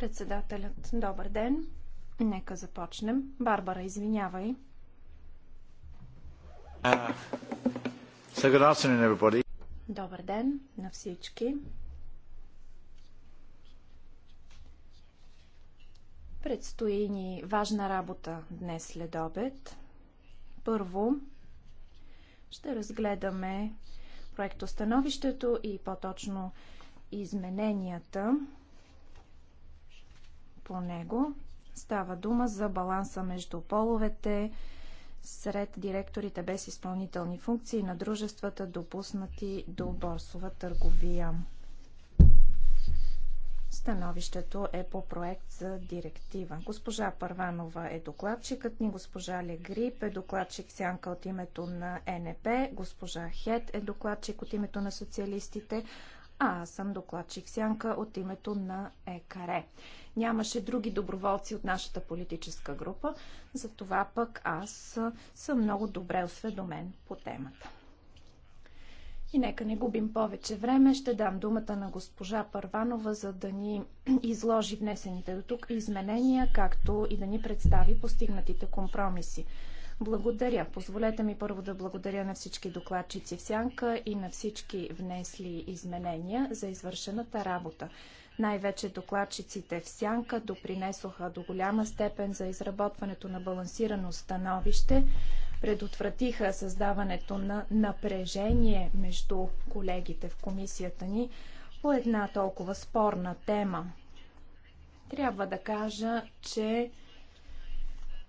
Председателят, добър ден. Нека започнем. Барбара, извинявай. Uh, добър ден на всички. Предстои ни важна работа днес след обед. Първо ще разгледаме проектостановището и по-точно измененията по него. Става дума за баланса между половете сред директорите без изпълнителни функции на дружествата, допуснати до борсова търговия. Становището е по проект за директива. Госпожа Първанова е докладчикът ни, госпожа Легрип е докладчик сянка от името на НП, госпожа Хет е докладчик от името на социалистите, а аз съм докладчик Сянка от името на ЕКАРЕ. Нямаше други доброволци от нашата политическа група, затова пък аз съм много добре осведомен по темата. И нека не губим повече време. Ще дам думата на госпожа Първанова, за да ни изложи внесените до тук изменения, както и да ни представи постигнатите компромиси. Благодаря. Позволете ми първо да благодаря на всички докладчици в Сянка и на всички внесли изменения за извършената работа. Най-вече докладчиците в Сянка допринесоха до голяма степен за изработването на балансирано становище, предотвратиха създаването на напрежение между колегите в комисията ни по една толкова спорна тема. Трябва да кажа, че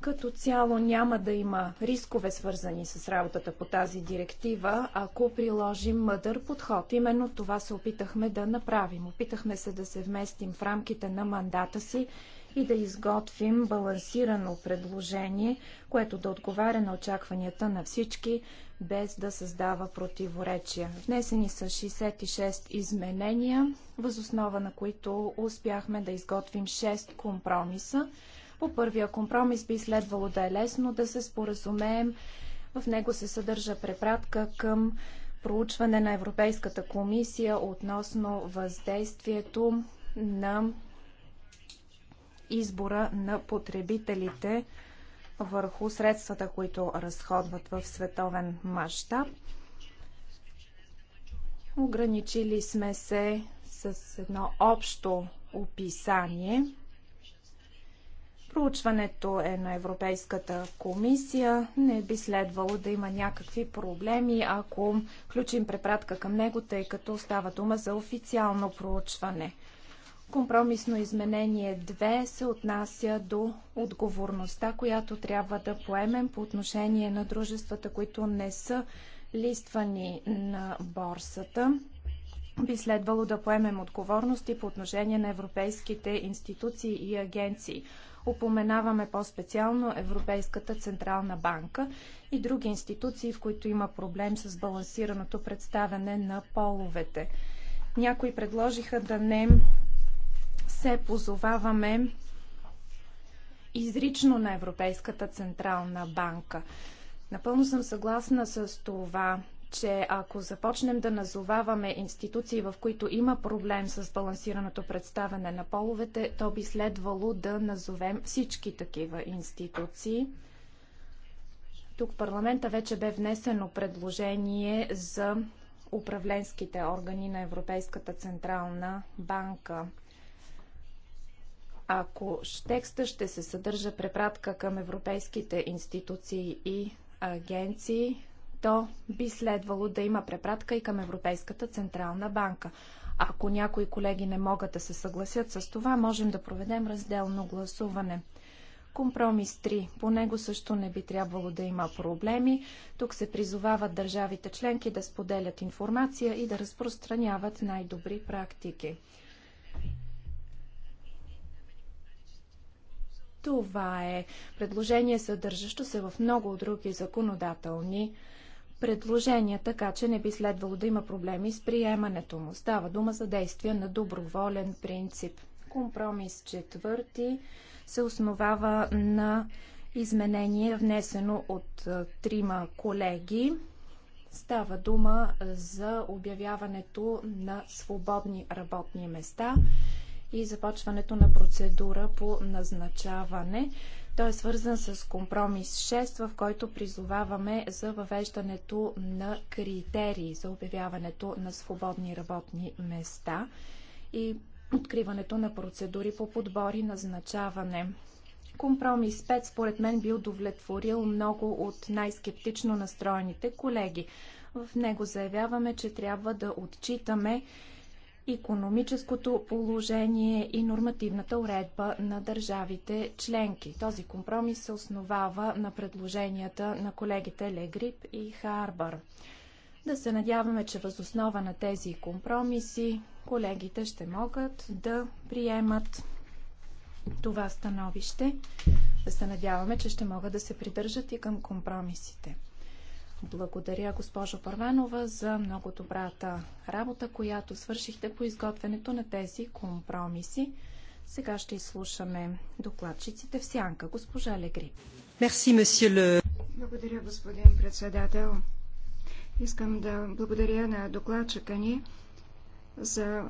като цяло няма да има рискове свързани с работата по тази директива, ако приложим мъдър подход. Именно това се опитахме да направим. Опитахме се да се вместим в рамките на мандата си и да изготвим балансирано предложение, което да отговаря на очакванията на всички, без да създава противоречия. Внесени са 66 изменения, възоснова на които успяхме да изготвим 6 компромиса. По първия компромис би следвало да е лесно да се споразумеем. В него се съдържа препратка към проучване на Европейската комисия относно въздействието на избора на потребителите върху средствата, които разходват в световен мащаб. Ограничили сме се с едно общо описание – Проучването е на Европейската комисия. Не би следвало да има някакви проблеми, ако включим препратка към него, тъй като става дума за официално проучване. Компромисно изменение 2 се отнася до отговорността, която трябва да поемем по отношение на дружествата, които не са листвани на борсата. Би следвало да поемем отговорности по отношение на европейските институции и агенции. Упоменаваме по-специално Европейската Централна банка и други институции, в които има проблем с балансираното представяне на половете. Някои предложиха да не се позоваваме изрично на Европейската Централна банка. Напълно съм съгласна с това че ако започнем да назоваваме институции, в които има проблем с балансираното представяне на половете, то би следвало да назовем всички такива институции. Тук парламента вече бе внесено предложение за управленските органи на Европейската централна банка. Ако текста ще се съдържа препратка към европейските институции и агенции, то би следвало да има препратка и към Европейската Централна банка. Ако някои колеги не могат да се съгласят с това, можем да проведем разделно гласуване. Компромис 3. По него също не би трябвало да има проблеми. Тук се призовават държавите членки да споделят информация и да разпространяват най-добри практики. Това е предложение, съдържащо се в много други законодателни предложения, така че не би следвало да има проблеми с приемането му. Става дума за действия на доброволен принцип. Компромис четвърти се основава на изменение, внесено от трима колеги. Става дума за обявяването на свободни работни места и започването на процедура по назначаване. Той е свързан с компромис 6, в който призоваваме за въвеждането на критерии за обявяването на свободни работни места и откриването на процедури по подбор и назначаване. Компромис 5 според мен би удовлетворил много от най-скептично настроените колеги. В него заявяваме, че трябва да отчитаме економическото положение и нормативната уредба на държавите членки. Този компромис се основава на предложенията на колегите Легрип и Харбър. Да се надяваме, че възоснова на тези компромиси колегите ще могат да приемат това становище. Да се надяваме, че ще могат да се придържат и към компромисите. Благодаря, госпожо Първанова, за много добрата работа, която свършихте по изготвянето на тези компромиси. Сега ще изслушаме докладчиците в сянка. Госпожа Легри. Благодаря, господин председател. Искам да благодаря на докладчика ни за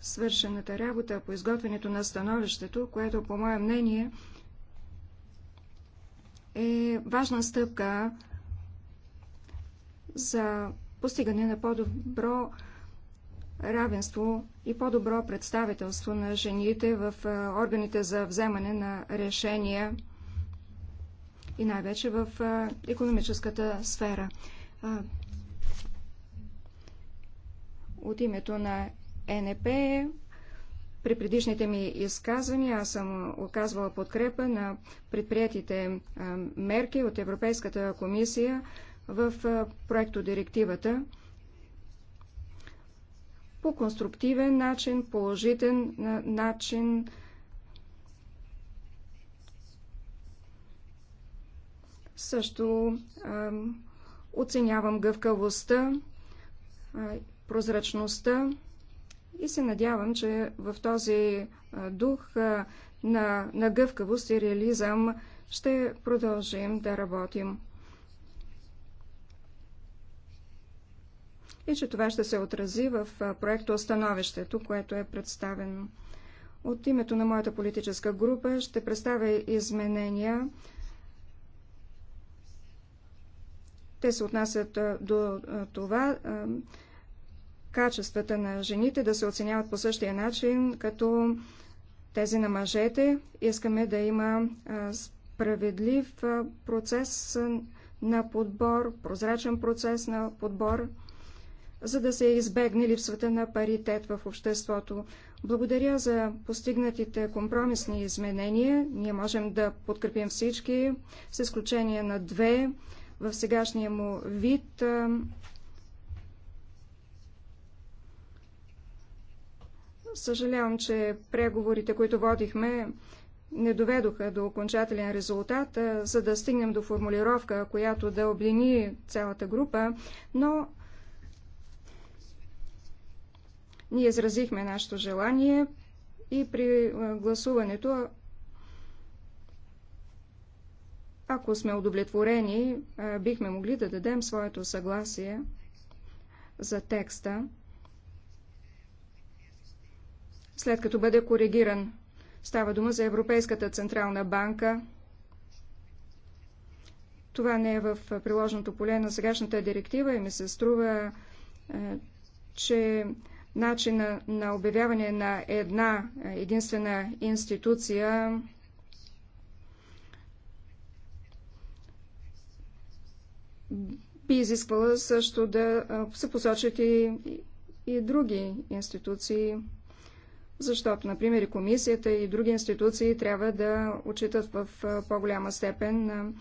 свършената работа по изготвянето на становището, което, по мое мнение, е важна стъпка за постигане на по-добро равенство и по-добро представителство на жените в органите за вземане на решения и най-вече в економическата сфера. От името на НП при предишните ми изказвания аз съм оказвала подкрепа на предприятите мерки от Европейската комисия в проекто директивата по конструктивен начин, положителен начин, също а, оценявам гъвкавостта, а, прозрачността и се надявам, че в този а, дух а, на, на гъвкавост и реализъм ще продължим да работим. и че това ще се отрази в проекто Остановището, което е представено. От името на моята политическа група ще представя изменения. Те се отнасят до това качествата на жените да се оценяват по същия начин, като тези на мъжете. Искаме да има справедлив процес на подбор, прозрачен процес на подбор за да се избегне липсвата на паритет в обществото. Благодаря за постигнатите компромисни изменения. Ние можем да подкрепим всички, с изключение на две в сегашния му вид. Съжалявам, че преговорите, които водихме, не доведоха до окончателен резултат, за да стигнем до формулировка, която да облини цялата група, но Ние изразихме нашето желание и при е, гласуването, ако сме удовлетворени, е, бихме могли да дадем своето съгласие за текста, след като бъде коригиран. Става дума за Европейската Централна банка. Това не е в приложното поле на сегашната директива и ми се струва, е, че начина на обявяване на една е, единствена институция би изисквала също да е, се посочат и, и други институции, защото, например, и комисията и други институции трябва да отчитат в е, по-голяма степен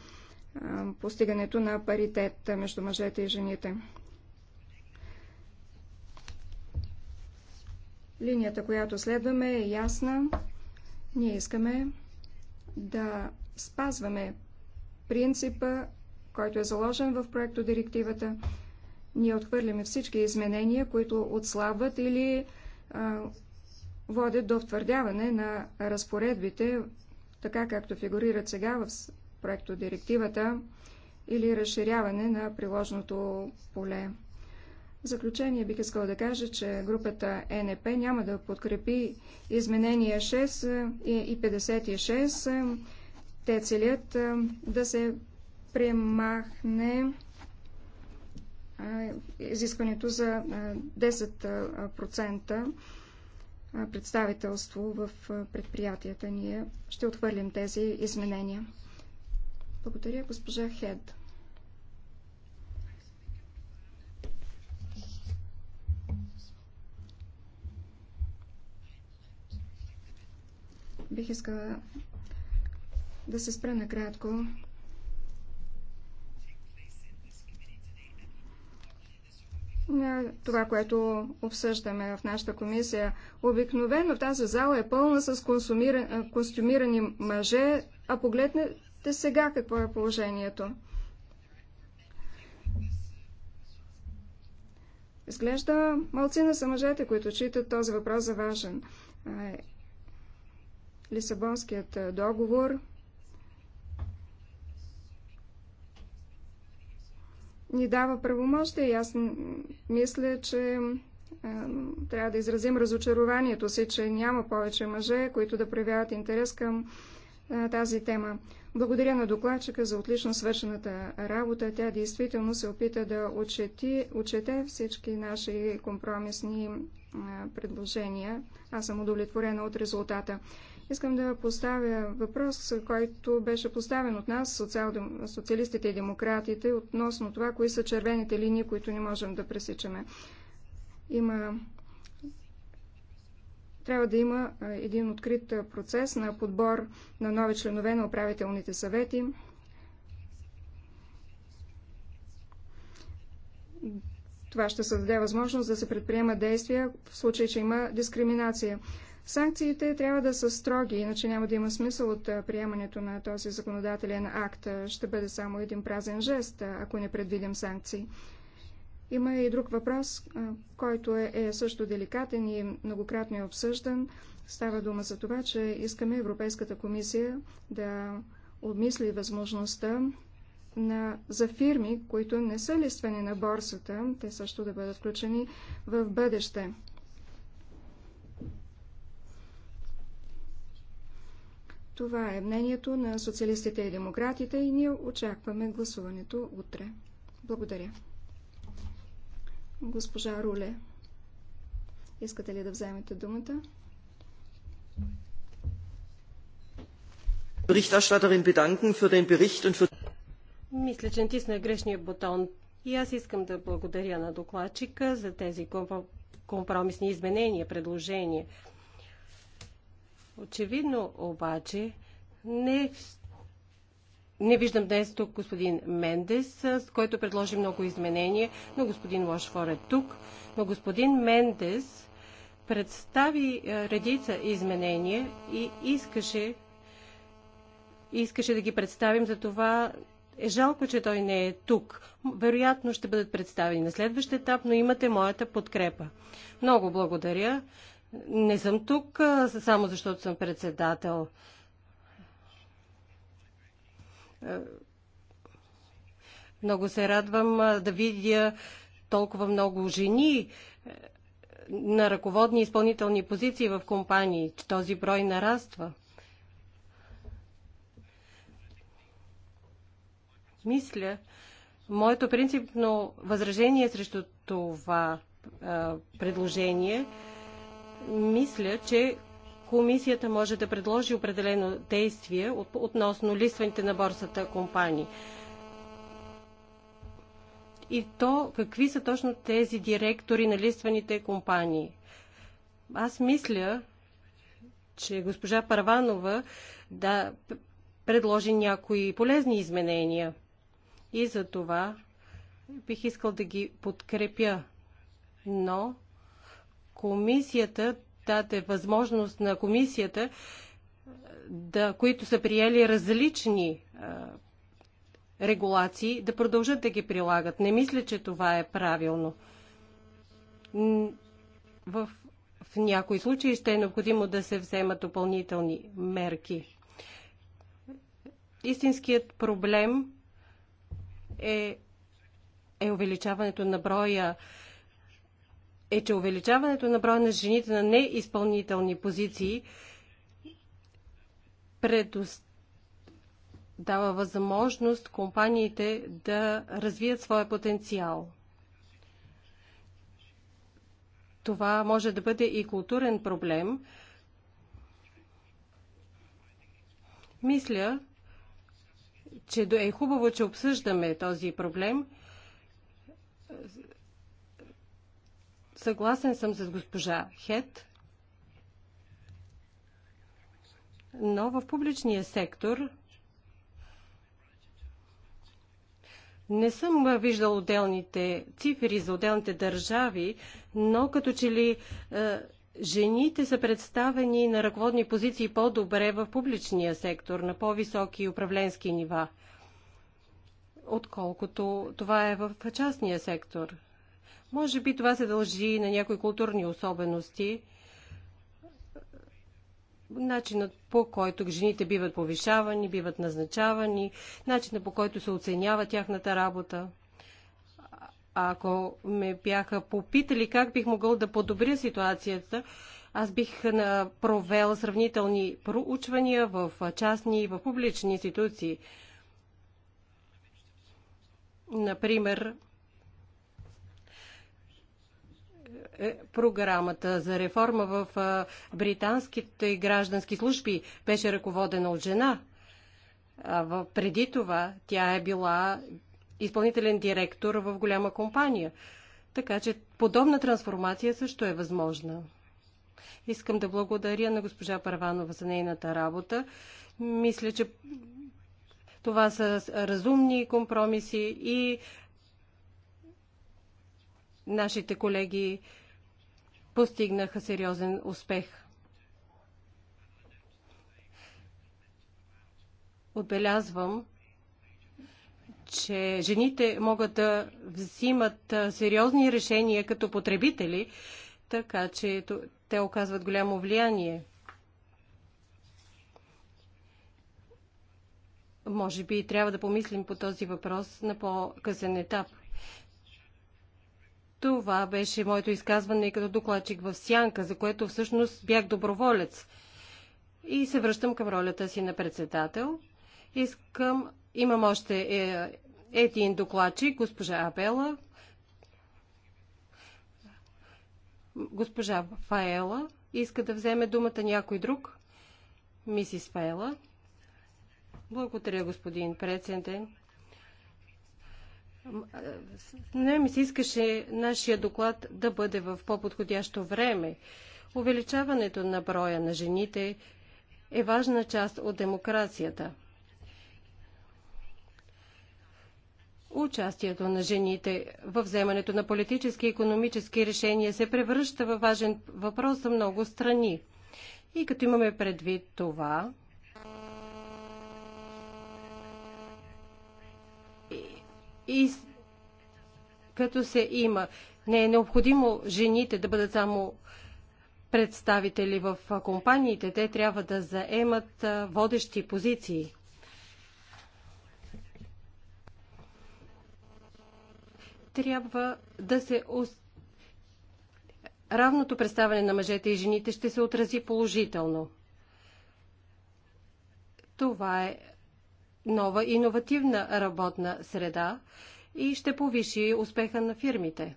постигането на паритет между мъжете и жените. Линията, която следваме, е ясна. Ние искаме да спазваме принципа, който е заложен в проекто директивата. Ние отхвърляме всички изменения, които отслабват или а, водят до втвърдяване на разпоредбите, така както фигурират сега в проекто директивата, или разширяване на приложното поле. В заключение бих искала да кажа, че групата ЕНП няма да подкрепи изменения 6 и 56. Те целят да се премахне изискването за 10% представителство в предприятията. Ние ще отхвърлим тези изменения. Благодаря, госпожа Хед. Бих искала да се спра накратко на това, което обсъждаме в нашата комисия. Обикновено тази зала е пълна с костюмирани мъже, а погледнете сега какво е положението. Изглежда малцина са мъжете, които читат този въпрос за важен. Лисабонският е, договор ни дава правомощия и аз мисля, че е, трябва да изразим разочарованието си, че няма повече мъже, които да проявяват интерес към е, тази тема. Благодаря на докладчика за отлично свършената работа. Тя действително се опита да отчети, отчете всички наши компромисни предложения. Аз съм удовлетворена от резултата. Искам да поставя въпрос, който беше поставен от нас, социал, социалистите и демократите, относно това, кои са червените линии, които не можем да пресичаме. Има... Трябва да има един открит процес на подбор на нови членове на управителните съвети. Това ще създаде възможност да се предприема действия в случай, че има дискриминация. Санкциите трябва да са строги, иначе няма да има смисъл от приемането на този законодателен акт. Ще бъде само един празен жест, ако не предвидим санкции. Има и друг въпрос, който е, е също деликатен и многократно е обсъждан. Става дума за това, че искаме Европейската комисия да обмисли възможността на, за фирми, които не са листвани на борсата, те също да бъдат включени в бъдеще. Това е мнението на социалистите и демократите и ние очакваме гласуването утре. Благодаря. Госпожа Руле, искате ли да вземете думата? Berichterstatterin bedanken für den Bericht und für Мисля, че натисна грешния бутон. И аз искам да благодаря на докладчика за тези компромисни изменения, предложения. Очевидно обаче не, не виждам днес тук господин Мендес, с който предложи много изменения, но господин Лошфор е тук. Но господин Мендес представи редица изменения и искаше, искаше да ги представим, за това е жалко, че той не е тук. Вероятно ще бъдат представени на следващия етап, но имате моята подкрепа. Много благодаря. Не съм тук само защото съм председател. Много се радвам да видя толкова много жени е, на ръководни изпълнителни позиции в компании. Този брой нараства. Мисля, моето принципно възражение срещу това предложение мисля, че комисията може да предложи определено действие относно листваните на борсата компании. И то, какви са точно тези директори на листваните компании? Аз мисля, че госпожа Парванова да предложи някои полезни изменения. И за това бих искал да ги подкрепя. Но комисията даде възможност на комисията, да, които са приели различни а, регулации, да продължат да ги прилагат. Не мисля, че това е правилно. В, в някои случаи ще е необходимо да се вземат допълнителни мерки. Истинският проблем е, е увеличаването на броя е, че увеличаването на броя на жените на неизпълнителни позиции предоставя дава възможност компаниите да развият своя потенциал. Това може да бъде и културен проблем. Мисля, че е хубаво, че обсъждаме този проблем. Съгласен съм с госпожа Хет, но в публичния сектор не съм виждал отделните цифри за отделните държави, но като че ли е, жените са представени на ръководни позиции по-добре в публичния сектор, на по-високи управленски нива, отколкото това е в частния сектор. Може би това се дължи на някои културни особености. Начинът по който жените биват повишавани, биват назначавани, начинът по който се оценява тяхната работа. Ако ме бяха попитали как бих могъл да подобря ситуацията, аз бих провел сравнителни проучвания в частни и в публични институции. Например, Е програмата за реформа в британските граждански служби беше ръководена от жена. преди това тя е била изпълнителен директор в голяма компания. Така че подобна трансформация също е възможна. Искам да благодаря на госпожа Парванова за нейната работа. Мисля, че това са разумни компромиси и нашите колеги постигнаха сериозен успех. Отбелязвам, че жените могат да взимат сериозни решения като потребители, така че те оказват голямо влияние. Може би трябва да помислим по този въпрос на по-късен етап – това беше моето изказване като докладчик в Сянка, за което всъщност бях доброволец. И се връщам към ролята си на председател. Искам, имам още е, един докладчик, госпожа Абела, госпожа Фаела. Иска да вземе думата някой друг? Мисис Фаела. Благодаря, господин председател. Не ми се искаше нашия доклад да бъде в по-подходящо време. Увеличаването на броя на жените е важна част от демокрацията. Участието на жените в вземането на политически и економически решения се превръща във важен въпрос за много страни. И като имаме предвид това, и като се има. Не е необходимо жените да бъдат само представители в компаниите. Те трябва да заемат водещи позиции. Трябва да се равното представяне на мъжете и жените ще се отрази положително. Това е нова иновативна работна среда и ще повиши успеха на фирмите.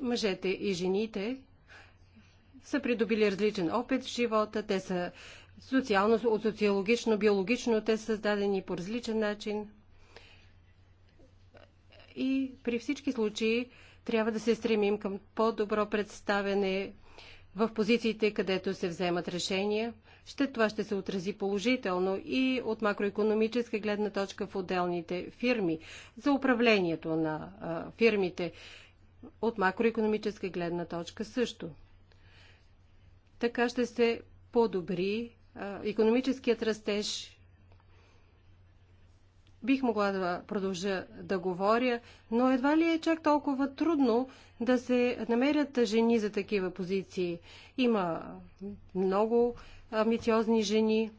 Мъжете и жените са придобили различен опит в живота, те са социално, от социологично, биологично, те са създадени по различен начин. И при всички случаи трябва да се стремим към по-добро представяне в позициите, където се вземат решения. Ще това ще се отрази положително и от макроекономическа гледна точка в отделните фирми. За управлението на а, фирмите от макроекономическа гледна точка също. Така ще се подобри а, економическият растеж Бих могла да продължа да говоря, но едва ли е чак толкова трудно да се намерят жени за такива позиции. Има много амбициозни жени.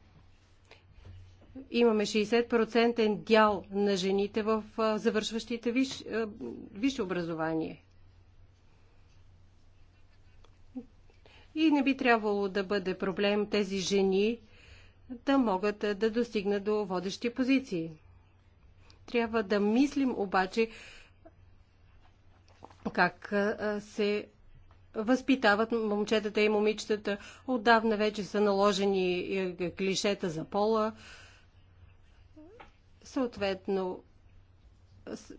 Имаме 60% дял на жените в завършващите висше виш образование. И не би трябвало да бъде проблем тези жени да могат да достигнат до водещи позиции. Трябва да мислим обаче как се възпитават момчетата и момичетата. Отдавна вече са наложени е, е, клишета за пола. Съответно,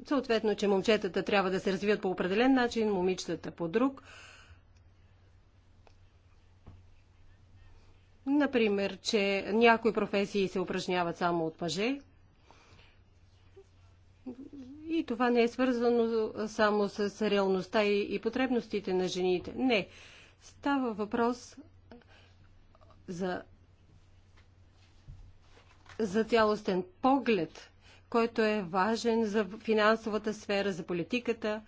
съответно, че момчетата трябва да се развиват по определен начин, момичетата по друг. Например, че някои професии се упражняват само от мъже, и това не е свързано само с реалността и, и потребностите на жените. Не. Става въпрос за, за цялостен поглед, който е важен за финансовата сфера, за политиката.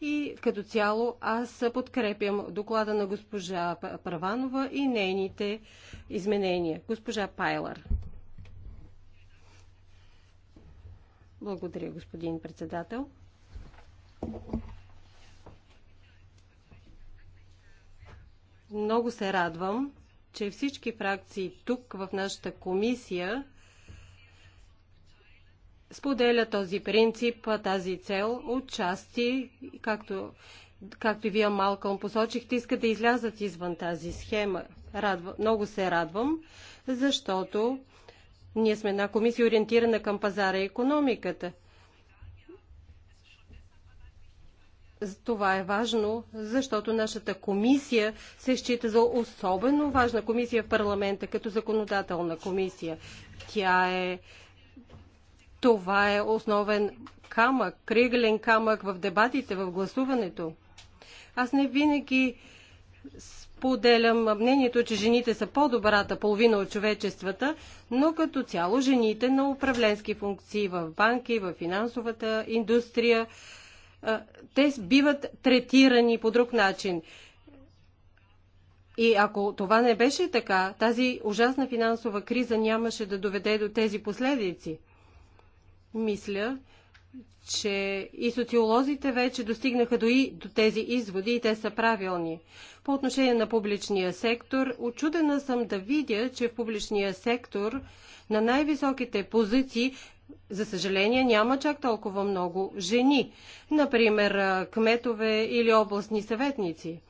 И като цяло аз подкрепям доклада на госпожа Праванова и нейните изменения. Госпожа Пайлар. Благодаря, господин председател. Много се радвам, че всички фракции тук в нашата комисия споделя този принцип, тази цел отчасти, както, както и вие малко посочихте, искат да излязат извън тази схема. Радва, много се радвам, защото ние сме една комисия ориентирана към пазара и економиката. Това е важно, защото нашата комисия се счита за особено важна комисия в парламента, като законодателна комисия. Тя е... Това е основен камък, кръглен камък в дебатите, в гласуването. Аз не винаги поделям мнението, че жените са по-добрата половина от човечествата, но като цяло жените на управленски функции в банки, в финансовата индустрия, те биват третирани по друг начин. И ако това не беше така, тази ужасна финансова криза нямаше да доведе до тези последици. Мисля, че и социолозите вече достигнаха до, и, до тези изводи и те са правилни. По отношение на публичния сектор, очудена съм да видя, че в публичния сектор на най-високите позиции за съжаление, няма чак толкова много жени, например кметове или областни съветници.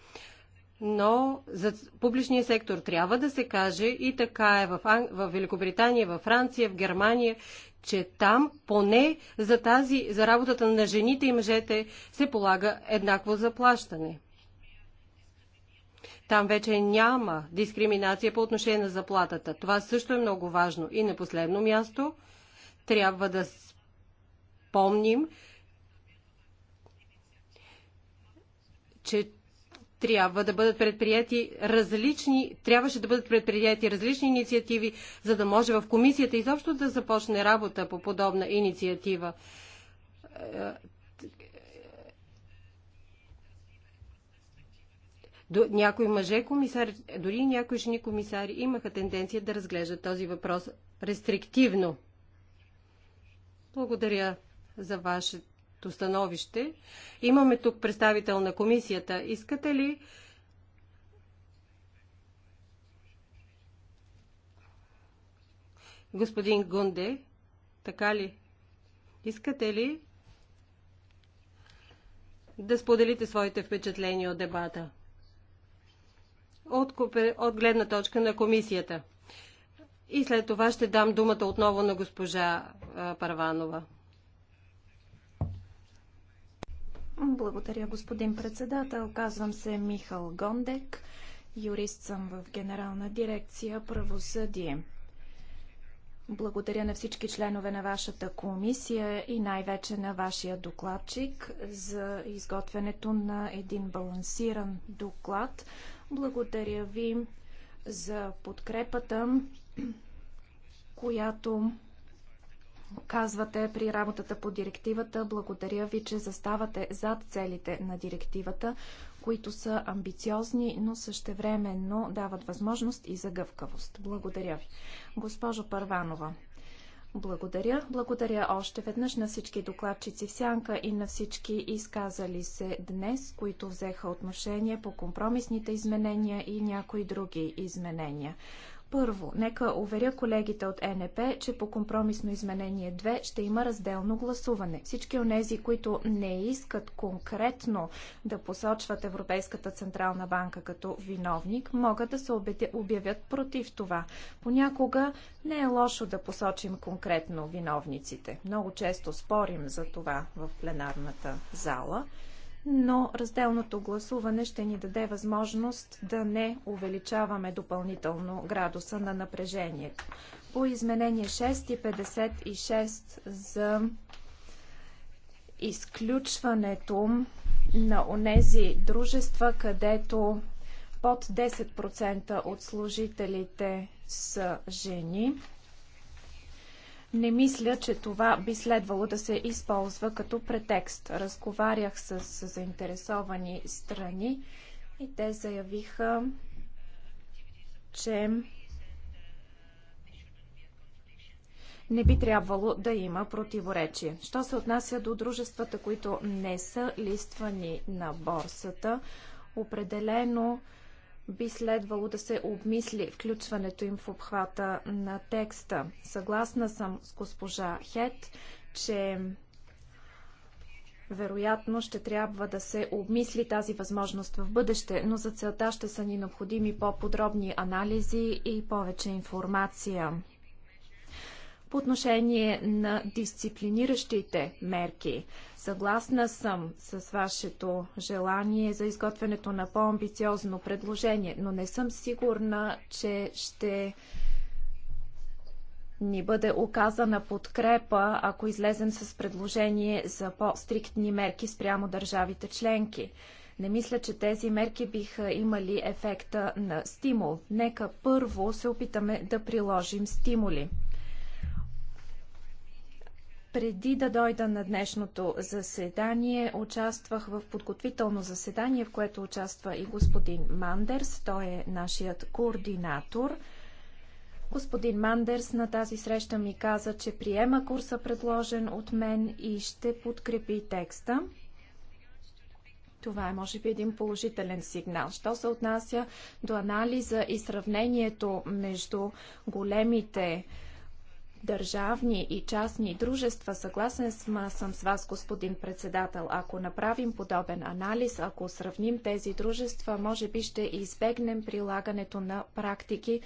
Но за публичния сектор трябва да се каже и така е в, Ан... в Великобритания, във Франция, в Германия че там поне за, тази, за работата на жените и мъжете се полага еднакво заплащане. Там вече няма дискриминация по отношение на заплатата. Това също е много важно. И на последно място трябва да спомним, че трябва да бъдат предприяти различни, трябваше да бъдат предприяти различни инициативи, за да може в комисията изобщо да започне работа по подобна инициатива. До, някои мъже комисари, дори и някои жени комисари имаха тенденция да разглеждат този въпрос рестриктивно. Благодаря за вашето нашето становище. Имаме тук представител на комисията. Искате ли господин Гунде, така ли? Искате ли да споделите своите впечатления от дебата? От, от гледна точка на комисията. И след това ще дам думата отново на госпожа Парванова. Благодаря, господин председател. Казвам се Михал Гондек. Юрист съм в Генерална дирекция Правосъдие. Благодаря на всички членове на вашата комисия и най-вече на вашия докладчик за изготвянето на един балансиран доклад. Благодаря ви за подкрепата, която казвате при работата по директивата. Благодаря ви, че заставате зад целите на директивата, които са амбициозни, но същевременно дават възможност и за гъвкавост. Благодаря ви. Госпожо Първанова, благодаря. Благодаря още веднъж на всички докладчици в Сянка и на всички изказали се днес, които взеха отношение по компромисните изменения и някои други изменения. Първо, нека уверя колегите от НП, че по компромисно изменение 2 ще има разделно гласуване. Всички от тези, които не искат конкретно да посочват Европейската Централна банка като виновник, могат да се обявят против това. Понякога не е лошо да посочим конкретно виновниците. Много често спорим за това в пленарната зала но разделното гласуване ще ни даде възможност да не увеличаваме допълнително градуса на напрежението. По изменение 656 за изключването на онези дружества, където под 10% от служителите са жени. Не мисля, че това би следвало да се използва като претекст. Разговарях с заинтересовани страни и те заявиха, че не би трябвало да има противоречие. Що се отнася до дружествата, които не са листвани на борсата, определено би следвало да се обмисли включването им в обхвата на текста. Съгласна съм с госпожа Хет, че вероятно ще трябва да се обмисли тази възможност в бъдеще, но за целта ще са ни необходими по-подробни анализи и повече информация по отношение на дисциплиниращите мерки. Съгласна съм с вашето желание за изготвянето на по-амбициозно предложение, но не съм сигурна, че ще ни бъде оказана подкрепа, ако излезем с предложение за по-стриктни мерки спрямо държавите членки. Не мисля, че тези мерки биха имали ефекта на стимул. Нека първо се опитаме да приложим стимули. Преди да дойда на днешното заседание, участвах в подготвително заседание, в което участва и господин Мандерс. Той е нашият координатор. Господин Мандерс на тази среща ми каза, че приема курса предложен от мен и ще подкрепи текста. Това е, може би, един положителен сигнал. Що се отнася до анализа и сравнението между големите държавни и частни дружества. Съгласен съм с вас, господин председател. Ако направим подобен анализ, ако сравним тези дружества, може би ще избегнем прилагането на практики,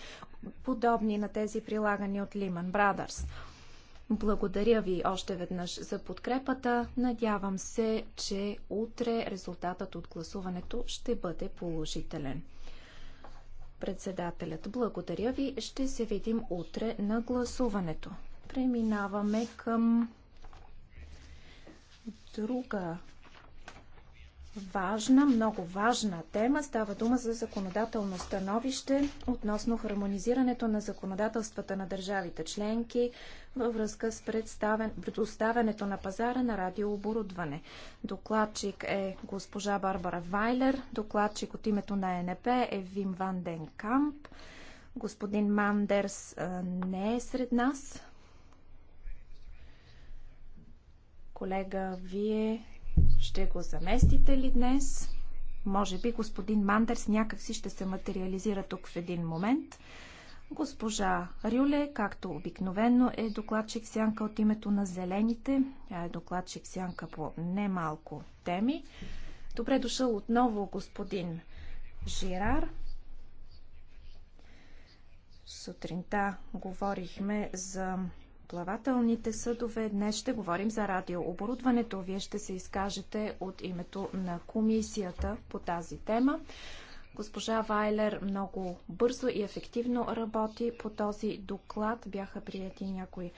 подобни на тези прилагани от Lehman Brothers. Благодаря ви още веднъж за подкрепата. Надявам се, че утре резултатът от гласуването ще бъде положителен. Председателят, благодаря ви. Ще се видим утре на гласуването. Преминаваме към друга важна, много важна тема. Става дума за законодателно становище относно хармонизирането на законодателствата на държавите членки във връзка с предоставянето на пазара на радиооборудване. Докладчик е госпожа Барбара Вайлер, докладчик от името на ЕНП е Вим Ван Ден Камп. Господин Мандерс не е сред нас. Колега, вие ще го заместите ли днес? Може би господин Мандерс някакси ще се материализира тук в един момент. Госпожа Рюле, както обикновено, е докладчик сянка от името на Зелените. Тя е докладчик сянка по немалко теми. Добре дошъл отново господин Жирар. Сутринта говорихме за плавателните съдове. Днес ще говорим за радиооборудването. Вие ще се изкажете от името на комисията по тази тема. Госпожа Вайлер много бързо и ефективно работи по този доклад. Бяха прияти някои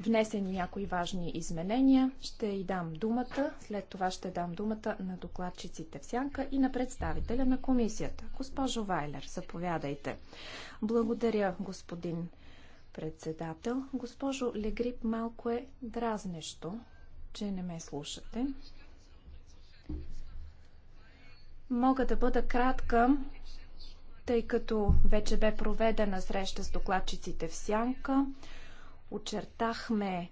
внесени някои важни изменения. Ще й дам думата. След това ще дам думата на докладчиците в сянка и на представителя на комисията. Госпожо Вайлер, заповядайте. Благодаря, господин председател. Госпожо Легрип, малко е дразнещо, че не ме слушате. Мога да бъда кратка, тъй като вече бе проведена среща с докладчиците в Сянка. Очертахме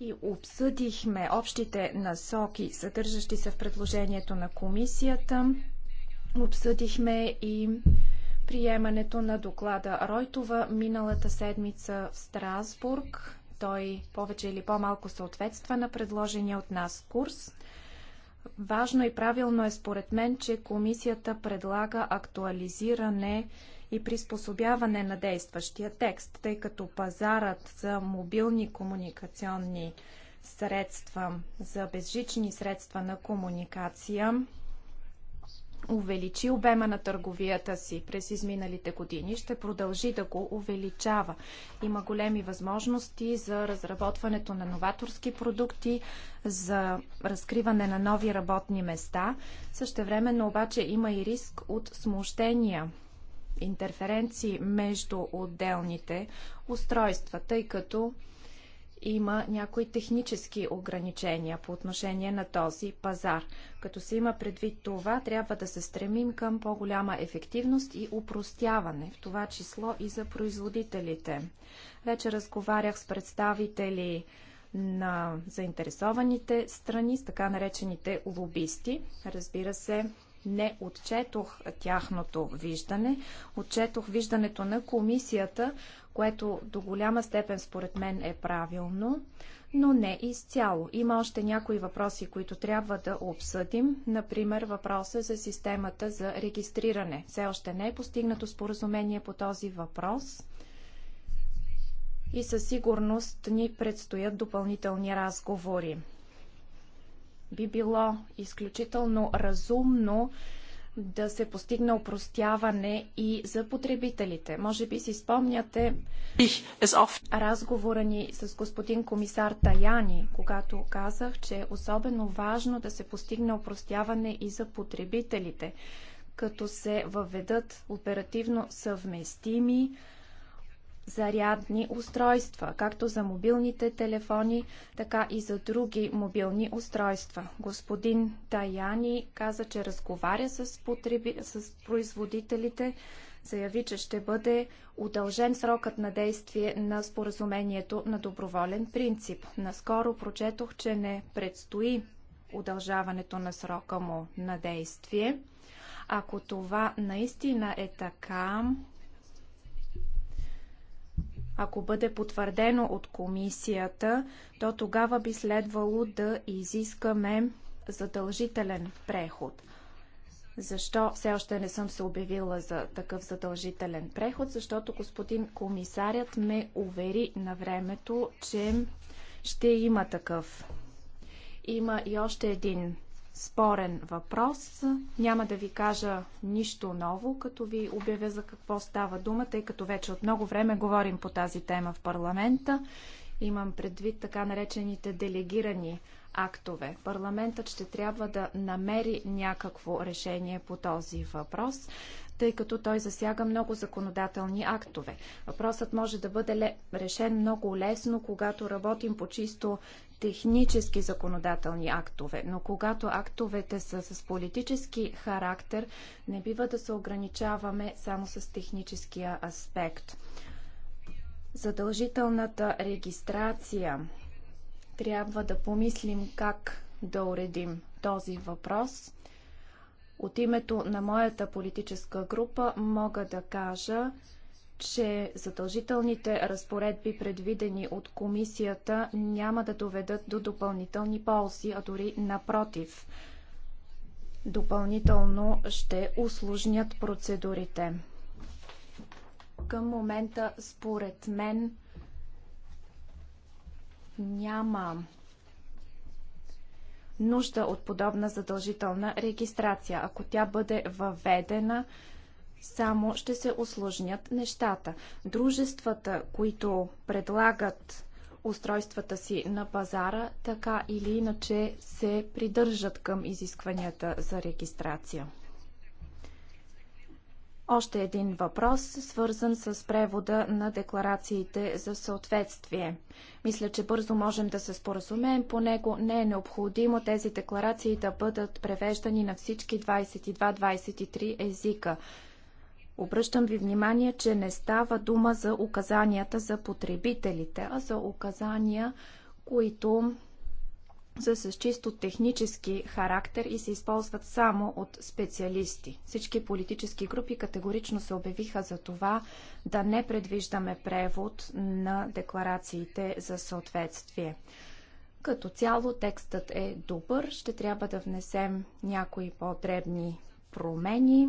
и обсъдихме общите насоки, съдържащи се в предложението на комисията. Обсъдихме и приемането на доклада Ройтова миналата седмица в Страсбург. Той повече или по-малко съответства на предложения от нас курс. Важно и правилно е според мен, че комисията предлага актуализиране и приспособяване на действащия текст, тъй като пазарът за мобилни комуникационни средства, за безжични средства на комуникация увеличи обема на търговията си през изминалите години, ще продължи да го увеличава. Има големи възможности за разработването на новаторски продукти, за разкриване на нови работни места. Същевременно обаче има и риск от смущения интерференции между отделните устройства, тъй като има някои технически ограничения по отношение на този пазар. Като се има предвид това, трябва да се стремим към по-голяма ефективност и упростяване, в това число и за производителите. Вече разговарях с представители на заинтересованите страни, с така наречените лобисти. Разбира се, не отчетох тяхното виждане. Отчетох виждането на комисията, което до голяма степен според мен е правилно, но не изцяло. Има още някои въпроси, които трябва да обсъдим. Например, въпроса за системата за регистриране. Все още не е постигнато споразумение по този въпрос и със сигурност ни предстоят допълнителни разговори. Би било изключително разумно да се постигне упростяване и за потребителите. Може би си спомняте разговора ни с господин комисар Таяни, когато казах, че е особено важно да се постигне упростяване и за потребителите, като се въведат оперативно съвместими зарядни устройства, както за мобилните телефони, така и за други мобилни устройства. Господин Таяни каза, че разговаря с, потреби... с производителите, заяви, че ще бъде удължен срокът на действие на споразумението на доброволен принцип. Наскоро прочетох, че не предстои удължаването на срока му на действие. Ако това наистина е така, ако бъде потвърдено от комисията, то тогава би следвало да изискаме задължителен преход. Защо все още не съм се обявила за такъв задължителен преход? Защото господин комисарят ме увери на времето, че ще има такъв. Има и още един спорен въпрос. Няма да ви кажа нищо ново, като ви обявя за какво става дума, тъй като вече от много време говорим по тази тема в парламента. Имам предвид така наречените делегирани актове. Парламентът ще трябва да намери някакво решение по този въпрос тъй като той засяга много законодателни актове. Въпросът може да бъде решен много лесно, когато работим по чисто технически законодателни актове, но когато актовете са с политически характер, не бива да се ограничаваме само с техническия аспект. Задължителната регистрация трябва да помислим как да уредим този въпрос. От името на моята политическа група мога да кажа, че задължителните разпоредби, предвидени от комисията, няма да доведат до допълнителни ползи, а дори напротив. Допълнително ще усложнят процедурите. Към момента, според мен, няма нужда от подобна задължителна регистрация. Ако тя бъде въведена, само ще се осложнят нещата. Дружествата, които предлагат устройствата си на пазара, така или иначе се придържат към изискванията за регистрация. Още един въпрос, свързан с превода на декларациите за съответствие. Мисля, че бързо можем да се споразумеем по него. Не е необходимо тези декларации да бъдат превеждани на всички 22-23 езика. Обръщам ви внимание, че не става дума за указанията за потребителите, а за указания, които са с чисто технически характер и се използват само от специалисти. Всички политически групи категорично се обявиха за това да не предвиждаме превод на декларациите за съответствие. Като цяло текстът е добър, ще трябва да внесем някои по-дребни промени.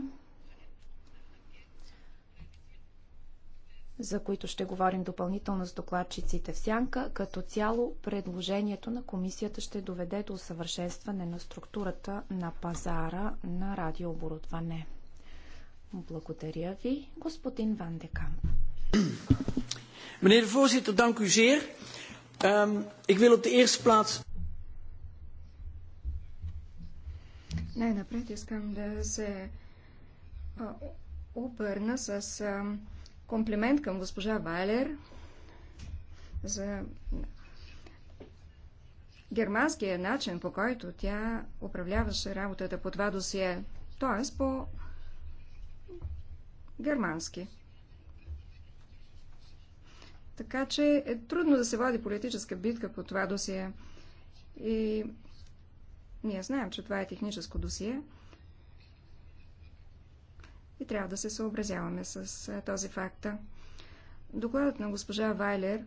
за които ще говорим допълнително с докладчиците в сянка, като цяло предложението на комисията ще доведе до усъвършенстване на структурата на пазара на радиооборудване. Благодаря ви, господин Ван Декамп. Meneer de voorzitter, dank u zeer. Um, ik wil op de eerste plaats... Най-напред искам да се обърна с комплимент към госпожа Вайлер за германския начин, по който тя управляваше работата по това досие, т.е. по германски. Така че е трудно да се води политическа битка по това досие. И ние знаем, че това е техническо досие и трябва да се съобразяваме с този факт. Докладът на госпожа Вайлер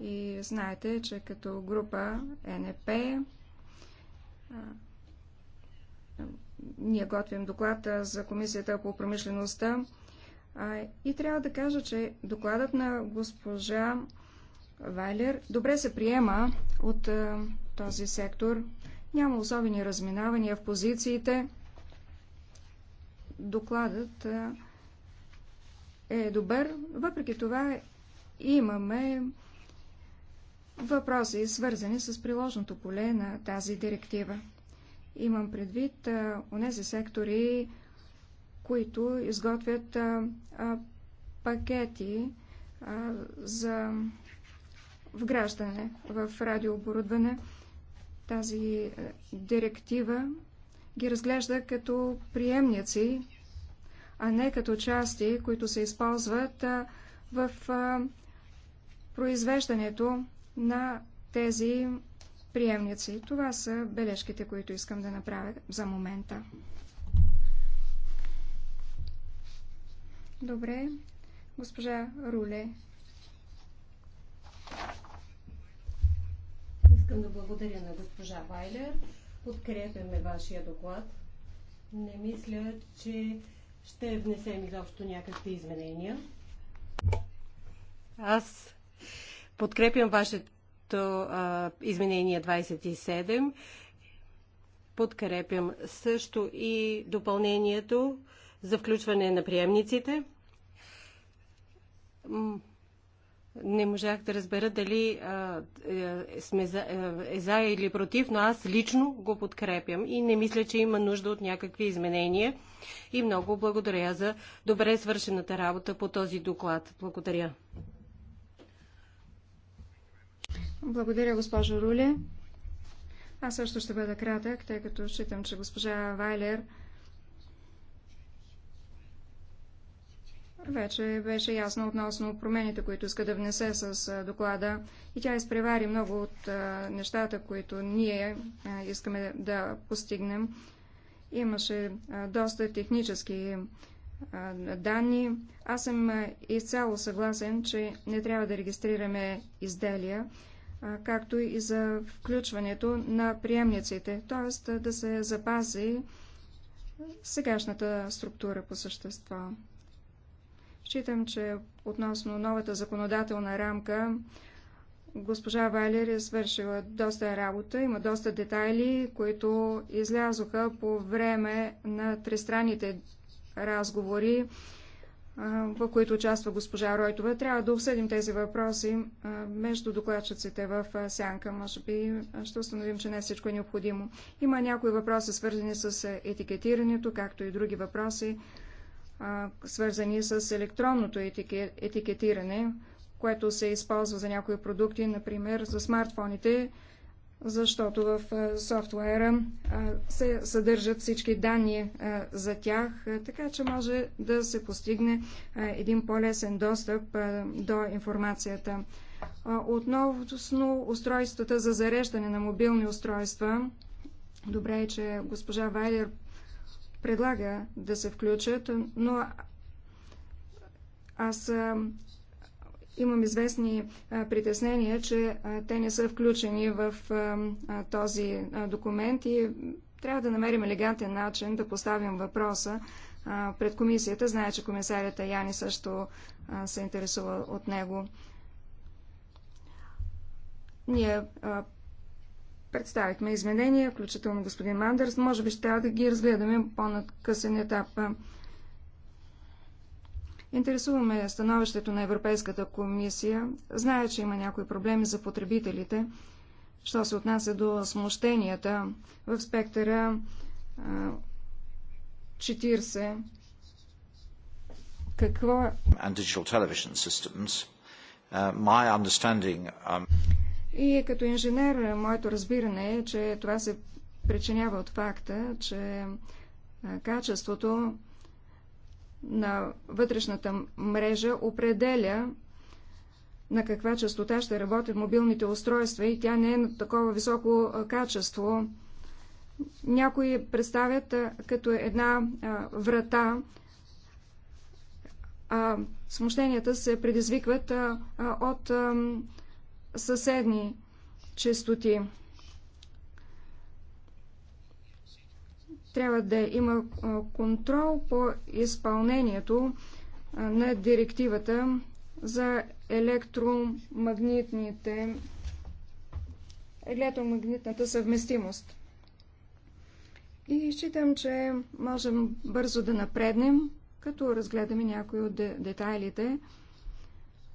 и знаете, че като група НП ние готвим доклад за Комисията по промишлеността и трябва да кажа, че докладът на госпожа Вайлер добре се приема от този сектор. Няма особени разминавания в позициите докладът е добър. Въпреки това имаме въпроси, свързани с приложното поле на тази директива. Имам предвид онези сектори, които изготвят а, а, пакети а, за вграждане в радиооборудване. Тази директива ги разглежда като приемници, а не като части, които се използват в произвеждането на тези приемници. Това са бележките, които искам да направя за момента. Добре. Госпожа Руле. Искам да благодаря на госпожа Вайлер. Подкрепяме вашия доклад. Не мисля, че ще внесем изобщо някакви изменения. Аз подкрепям вашето а, изменение 27. Подкрепям също и допълнението за включване на приемниците не можах да разбера дали а, е, сме за, е, е за или против, но аз лично го подкрепям и не мисля, че има нужда от някакви изменения. И много благодаря за добре свършената работа по този доклад. Благодаря. Благодаря, госпожо Руле. Аз също ще бъда кратък, тъй като считам, че госпожа Вайлер вече беше ясно относно промените, които иска да внесе с доклада и тя изпревари много от нещата, които ние искаме да постигнем. Имаше доста технически данни. Аз съм изцяло съгласен, че не трябва да регистрираме изделия, както и за включването на приемниците, т.е. да се запази сегашната структура по същество. Считам, че относно новата законодателна рамка, госпожа Валери е свършила доста работа, има доста детайли, които излязоха по време на тристранните разговори, в които участва госпожа Ройтова. Трябва да обсъдим тези въпроси между докладчиците в сянка. Може би ще установим, че не всичко е необходимо. Има някои въпроси, свързани с етикетирането, както и други въпроси, свързани с електронното етикетиране, което се използва за някои продукти, например за смартфоните, защото в софтуера се съдържат всички данни за тях, така че може да се постигне един по-лесен достъп до информацията. Относно устройствата за зареждане на мобилни устройства, добре е, че госпожа Вайлер предлага да се включат, но аз имам известни притеснения, че те не са включени в този документ и трябва да намерим елегантен начин да поставим въпроса пред комисията. Знае, че комисарята Яни също се интересува от него. Ние Представихме изменения, включително господин Мандърс. Може би ще трябва да ги разгледаме по-накъсен етап. Интересуваме становището на Европейската комисия. Зная, че има някои проблеми за потребителите, що се отнася до смущенията в спектъра 40. Какво... Е? And digital television systems. Uh, my understanding... Um... И като инженер, моето разбиране е, че това се причинява от факта, че качеството на вътрешната мрежа определя на каква частота ще работят мобилните устройства и тя не е на такова високо качество. Някои представят като една врата, а смущенията се предизвикват от съседни честоти. Трябва да има контрол по изпълнението на директивата за електромагнитните електромагнитната съвместимост. И считам, че можем бързо да напреднем, като разгледаме някои от детайлите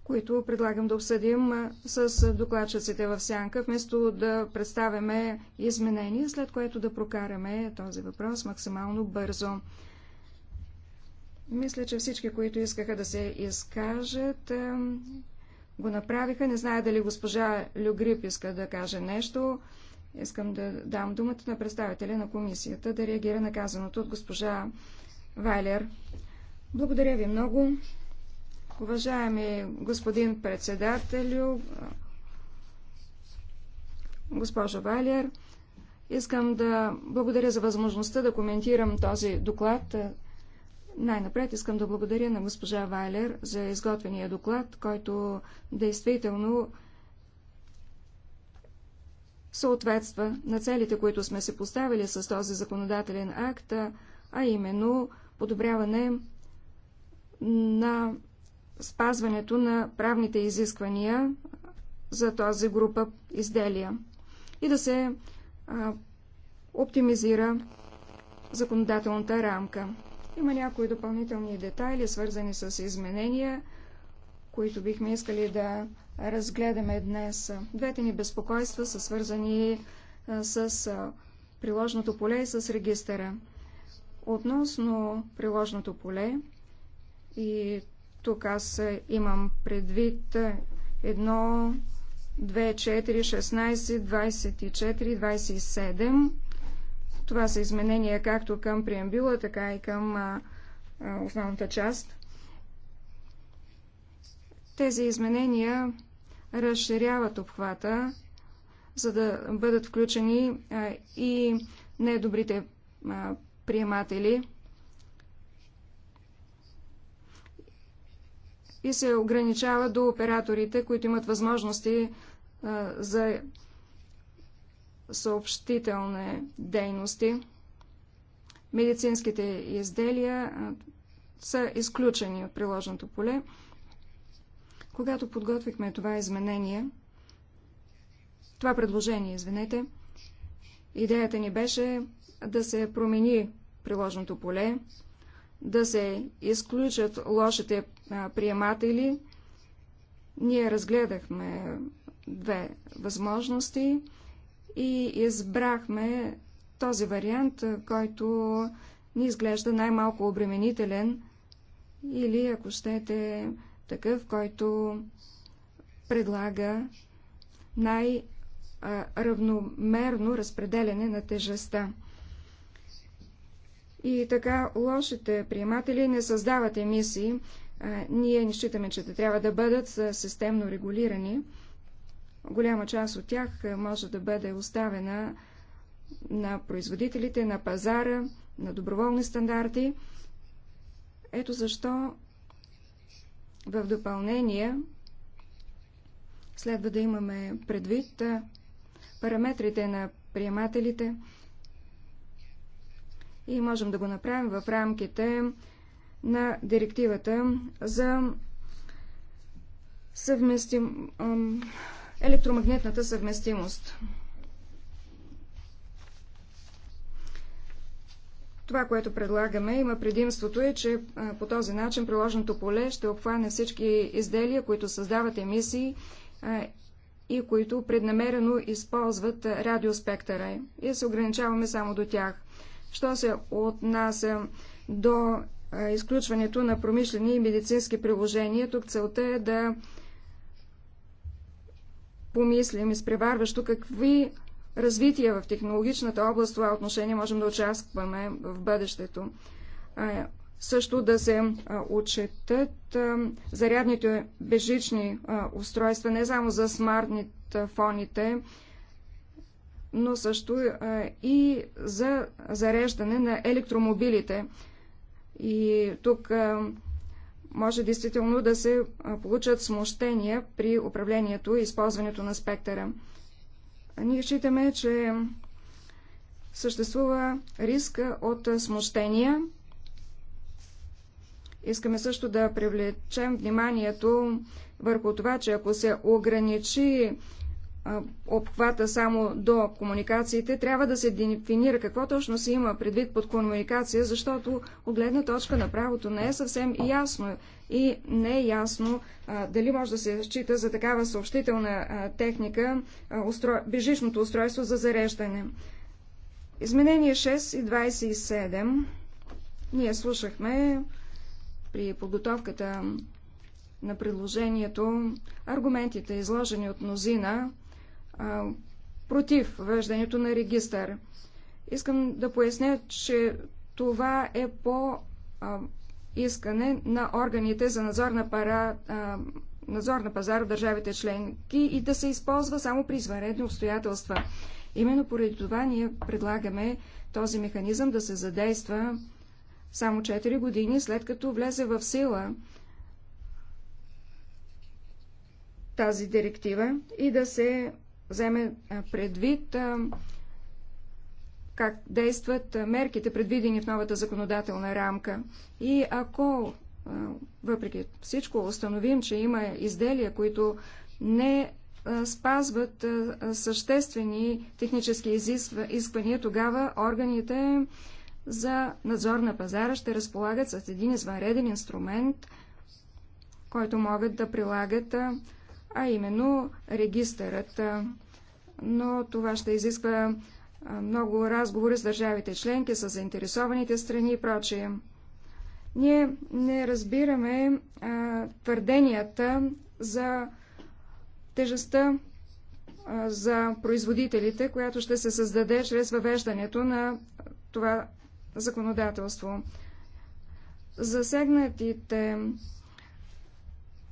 които предлагам да обсъдим с докладчиците в сянка, вместо да представяме изменения, след което да прокараме този въпрос максимално бързо. Мисля, че всички, които искаха да се изкажат, го направиха. Не знае дали госпожа Люгрип иска да каже нещо. Искам да дам думата на представителя на комисията да реагира на казаното от госпожа Вайлер. Благодаря ви много. Уважаеми господин председателю, госпожо Валер, искам да благодаря за възможността да коментирам този доклад. Най-напред искам да благодаря на госпожа Вайлер за изготвения доклад, който действително съответства на целите, които сме се поставили с този законодателен акт, а именно подобряване на спазването на правните изисквания за този група изделия и да се а, оптимизира законодателната рамка. Има някои допълнителни детайли, свързани с изменения, които бихме искали да разгледаме днес. Двете ни безпокойства са свързани а, с а, приложното поле и с регистъра. Относно приложното поле и тук аз имам предвид 1, 2, 4, 16, 24, 27. Това са изменения както към преамбюла, така и към а, а, основната част. Тези изменения разширяват обхвата, за да бъдат включени а, и недобрите а, приематели. и се ограничава до операторите, които имат възможности а, за съобщителни дейности. Медицинските изделия а, са изключени от приложното поле. Когато подготвихме това изменение, това предложение, извинете, идеята ни беше да се промени приложното поле, да се изключат лошите приематели. Ние разгледахме две възможности и избрахме този вариант, който ни изглежда най-малко обременителен или, ако щете, такъв, който предлага най-равномерно разпределяне на тежестта и така лошите приематели не създават емисии. Ние не считаме, че те трябва да бъдат системно регулирани. Голяма част от тях може да бъде оставена на производителите, на пазара, на доброволни стандарти. Ето защо в допълнение следва да имаме предвид параметрите на приемателите – и можем да го направим в рамките на директивата за съвместим, електромагнитната съвместимост. Това, което предлагаме, има предимството е, че по този начин приложеното поле ще обхване всички изделия, които създават емисии и които преднамерено използват радиоспектъра и се ограничаваме само до тях. Що се отнася до изключването на промишлени и медицински приложения, тук целта е да помислим изпреварващо какви развития в технологичната област това отношение можем да участваме в бъдещето. също да се отчетат зарядните бежични устройства, не само за смартфоните, но също и за зареждане на електромобилите. И тук може действително да се получат смущения при управлението и използването на спектъра. Ние считаме, че съществува риска от смущения. Искаме също да привлечем вниманието върху това, че ако се ограничи обхвата само до комуникациите, трябва да се дефинира какво точно се има предвид под комуникация, защото от гледна точка на правото не е съвсем ясно и не е ясно а, дали може да се счита за такава съобщителна а, техника а, устро... бежичното устройство за зареждане. Изменение 6 и 27. Ние слушахме при подготовката на предложението аргументите, изложени от мнозина, а, против въвеждането на регистър. Искам да поясня, че това е по а, искане на органите за надзор на, пара, а, надзор на пазар в държавите членки и да се използва само при извънредни обстоятелства. Именно поради това ние предлагаме този механизъм да се задейства само 4 години след като влезе в сила тази директива и да се вземе предвид как действат мерките, предвидени в новата законодателна рамка. И ако, въпреки всичко, установим, че има изделия, които не спазват съществени технически изисквания, тогава органите за надзор на пазара ще разполагат с един извънреден инструмент, който могат да прилагат а именно регистърът. Но това ще изисква много разговори с държавите членки, с заинтересованите страни и прочие. Ние не разбираме а, твърденията за тежестта а, за производителите, която ще се създаде чрез въвеждането на това законодателство. Засегнатите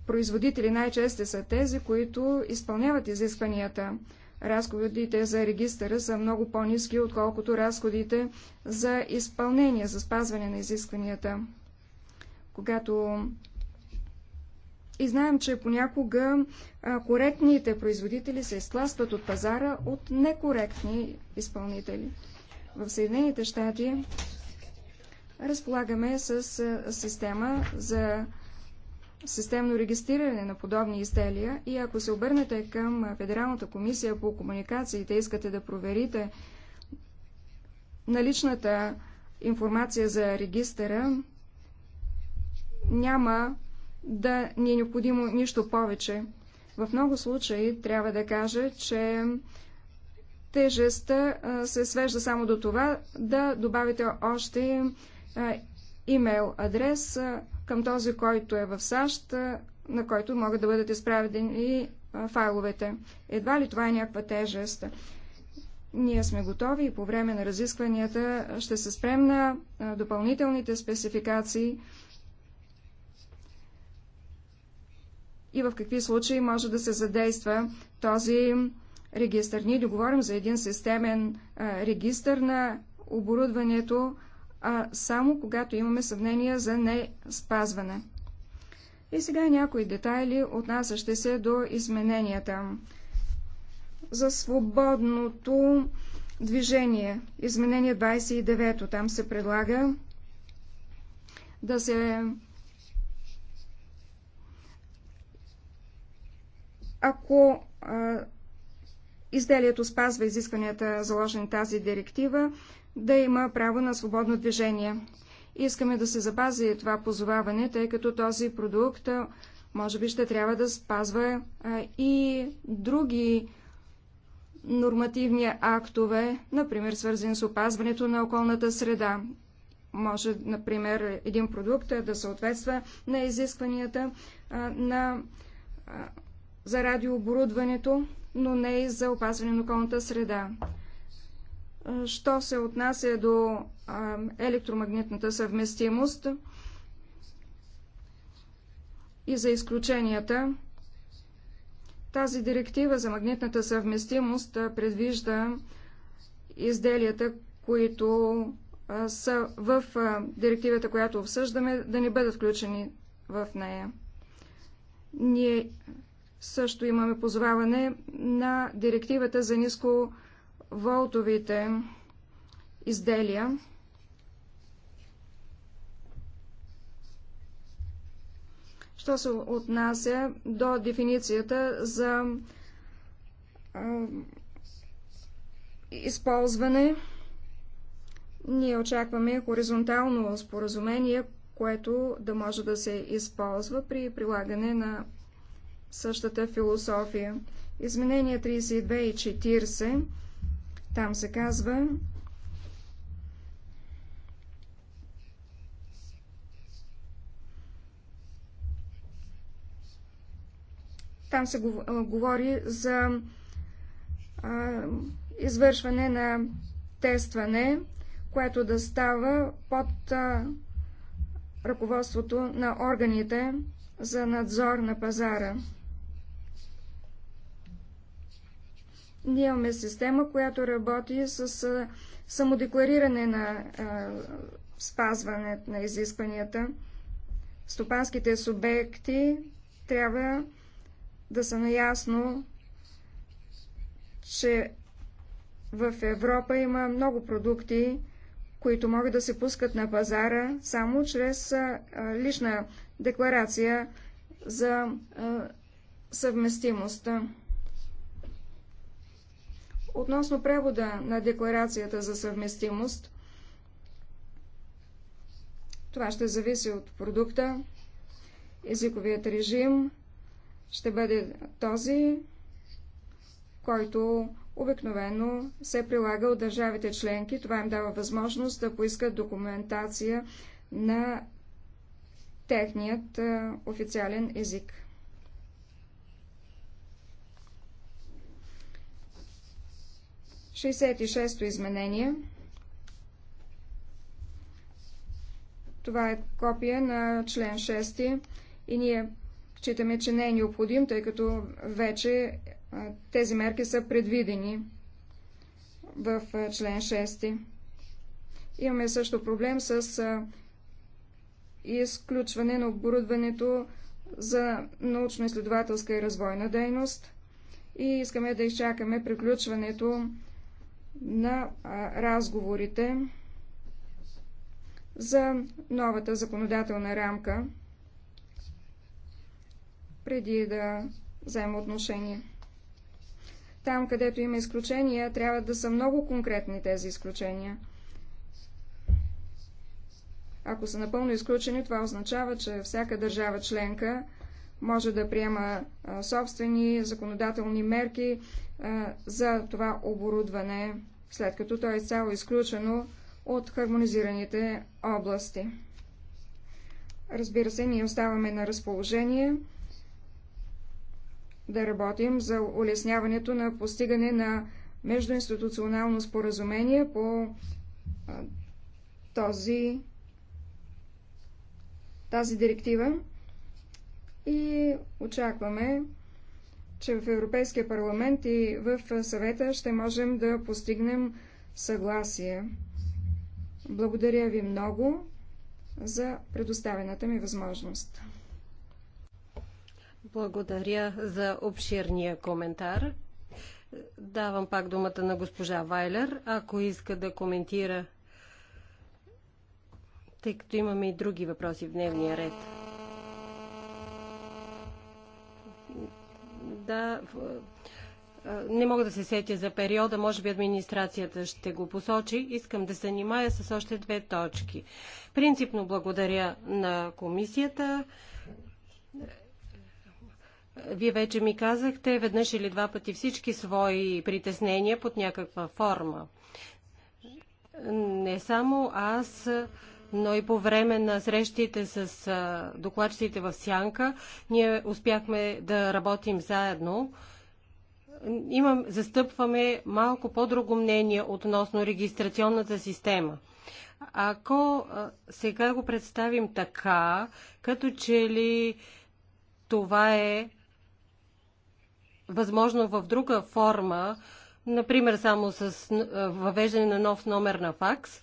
производители най-често са тези, които изпълняват изискванията. Разходите за регистъра са много по-низки, отколкото разходите за изпълнение, за спазване на изискванията. Когато и знаем, че понякога коректните производители се изтластват от пазара от некоректни изпълнители. В Съединените щати разполагаме с система за системно регистриране на подобни изделия и ако се обърнете към Федералната комисия по комуникациите, искате да проверите наличната информация за регистъра, няма да ни е необходимо нищо повече. В много случаи трябва да кажа, че тежестта се свежда само до това да добавите още имейл адрес, към този, който е в САЩ, на който могат да бъдат изправени файловете. Едва ли това е някаква тежест? Ние сме готови и по време на разискванията ще се спрем на допълнителните спецификации и в какви случаи може да се задейства този регистр. Ние договорим за един системен регистър на оборудването, а само когато имаме съмнение за не спазване. И сега някои детайли, отнасящи се до измененията. За свободното движение. Изменение 29. Там се предлага да се ако а, изделието спазва изискванията заложени тази директива, да има право на свободно движение. Искаме да се запази това позоваване, тъй като този продукт може би ще трябва да спазва и други нормативни актове, например свързани с опазването на околната среда. Може, например, един продукт да съответства на изискванията на, за радиооборудването, но не и за опазване на околната среда. Що се отнася до електромагнитната съвместимост и за изключенията, тази директива за магнитната съвместимост предвижда изделията, които са в директивата, която обсъждаме, да не бъдат включени в нея. Ние също имаме позоваване на директивата за ниско волтовите изделия. Що се отнася до дефиницията за използване, ние очакваме хоризонтално споразумение, което да може да се използва при прилагане на същата философия. Изменения 32 и 40 там се казва, Там се говори за а, извършване на тестване, което да става под а, ръководството на органите за надзор на пазара. Ние имаме система, която работи с самодеклариране на спазване на изискванията. Стопанските субекти трябва да са наясно, че в Европа има много продукти, които могат да се пускат на пазара само чрез лична декларация за съвместимостта. Относно превода на декларацията за съвместимост, това ще зависи от продукта, езиковият режим ще бъде този, който обикновено се прилага от държавите членки. Това им дава възможност да поискат документация на техният официален език. 66-то изменение. Това е копия на член 6 и ние считаме, че не е необходим, тъй като вече тези мерки са предвидени в член 6. Имаме също проблем с изключване на оборудването за научно-изследователска и развойна дейност и искаме да изчакаме приключването на разговорите за новата законодателна рамка, преди да взема отношение. Там, където има изключения, трябва да са много конкретни тези изключения. Ако са напълно изключени, това означава, че всяка държава членка може да приема собствени законодателни мерки за това оборудване, след като то е цяло изключено от хармонизираните области. Разбира се, ние оставаме на разположение да работим за улесняването на постигане на междуинституционално споразумение по този, тази директива и очакваме, че в Европейския парламент и в съвета ще можем да постигнем съгласие. Благодаря ви много за предоставената ми възможност. Благодаря за обширния коментар. Давам пак думата на госпожа Вайлер, ако иска да коментира, тъй като имаме и други въпроси в дневния ред. да. Не мога да се сетя за периода, може би администрацията ще го посочи. Искам да се занимая с още две точки. Принципно благодаря на комисията. Вие вече ми казахте веднъж или два пъти всички свои притеснения под някаква форма. Не само аз но и по време на срещите с докладчиците в Сянка ние успяхме да работим заедно. Имам, застъпваме малко по-друго мнение относно регистрационната система. Ако сега го представим така, като че ли това е възможно в друга форма, например само с въвеждане на нов номер на факс,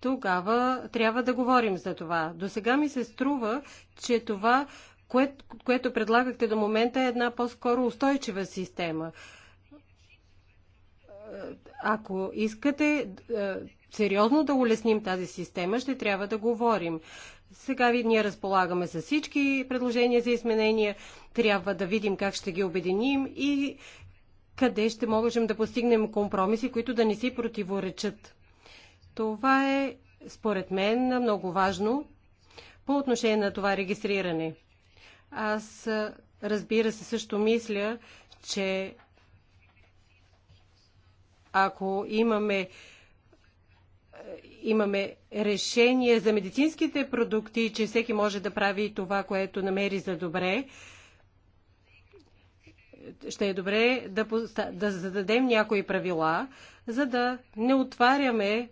тогава трябва да говорим за това. До сега ми се струва, че това, кое, което предлагахте до момента е една по-скоро устойчива система. Ако искате е, сериозно да улесним тази система, ще трябва да говорим. Сега ви, ние разполагаме с всички предложения за изменения. Трябва да видим как ще ги обединим и къде ще можем да постигнем компромиси, които да не си противоречат. Това е, според мен, много важно по отношение на това регистриране. Аз, разбира се, също мисля, че ако имаме имаме решение за медицинските продукти, че всеки може да прави това, което намери за добре, ще е добре да, да зададем някои правила, за да не отваряме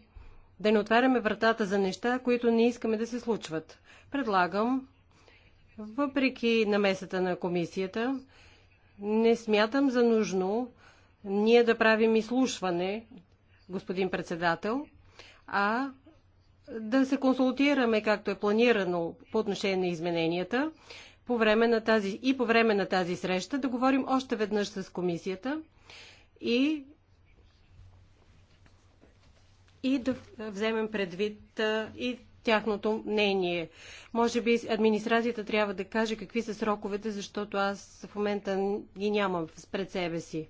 да не отваряме вратата за неща, които не искаме да се случват. Предлагам, въпреки намесата на комисията, не смятам за нужно ние да правим изслушване, господин председател, а да се консултираме, както е планирано по отношение на измененията, по време на тази, и по време на тази среща да говорим още веднъж с комисията и и да вземем предвид и тяхното мнение. Може би администрацията трябва да каже какви са сроковете, защото аз в момента ги нямам пред себе си.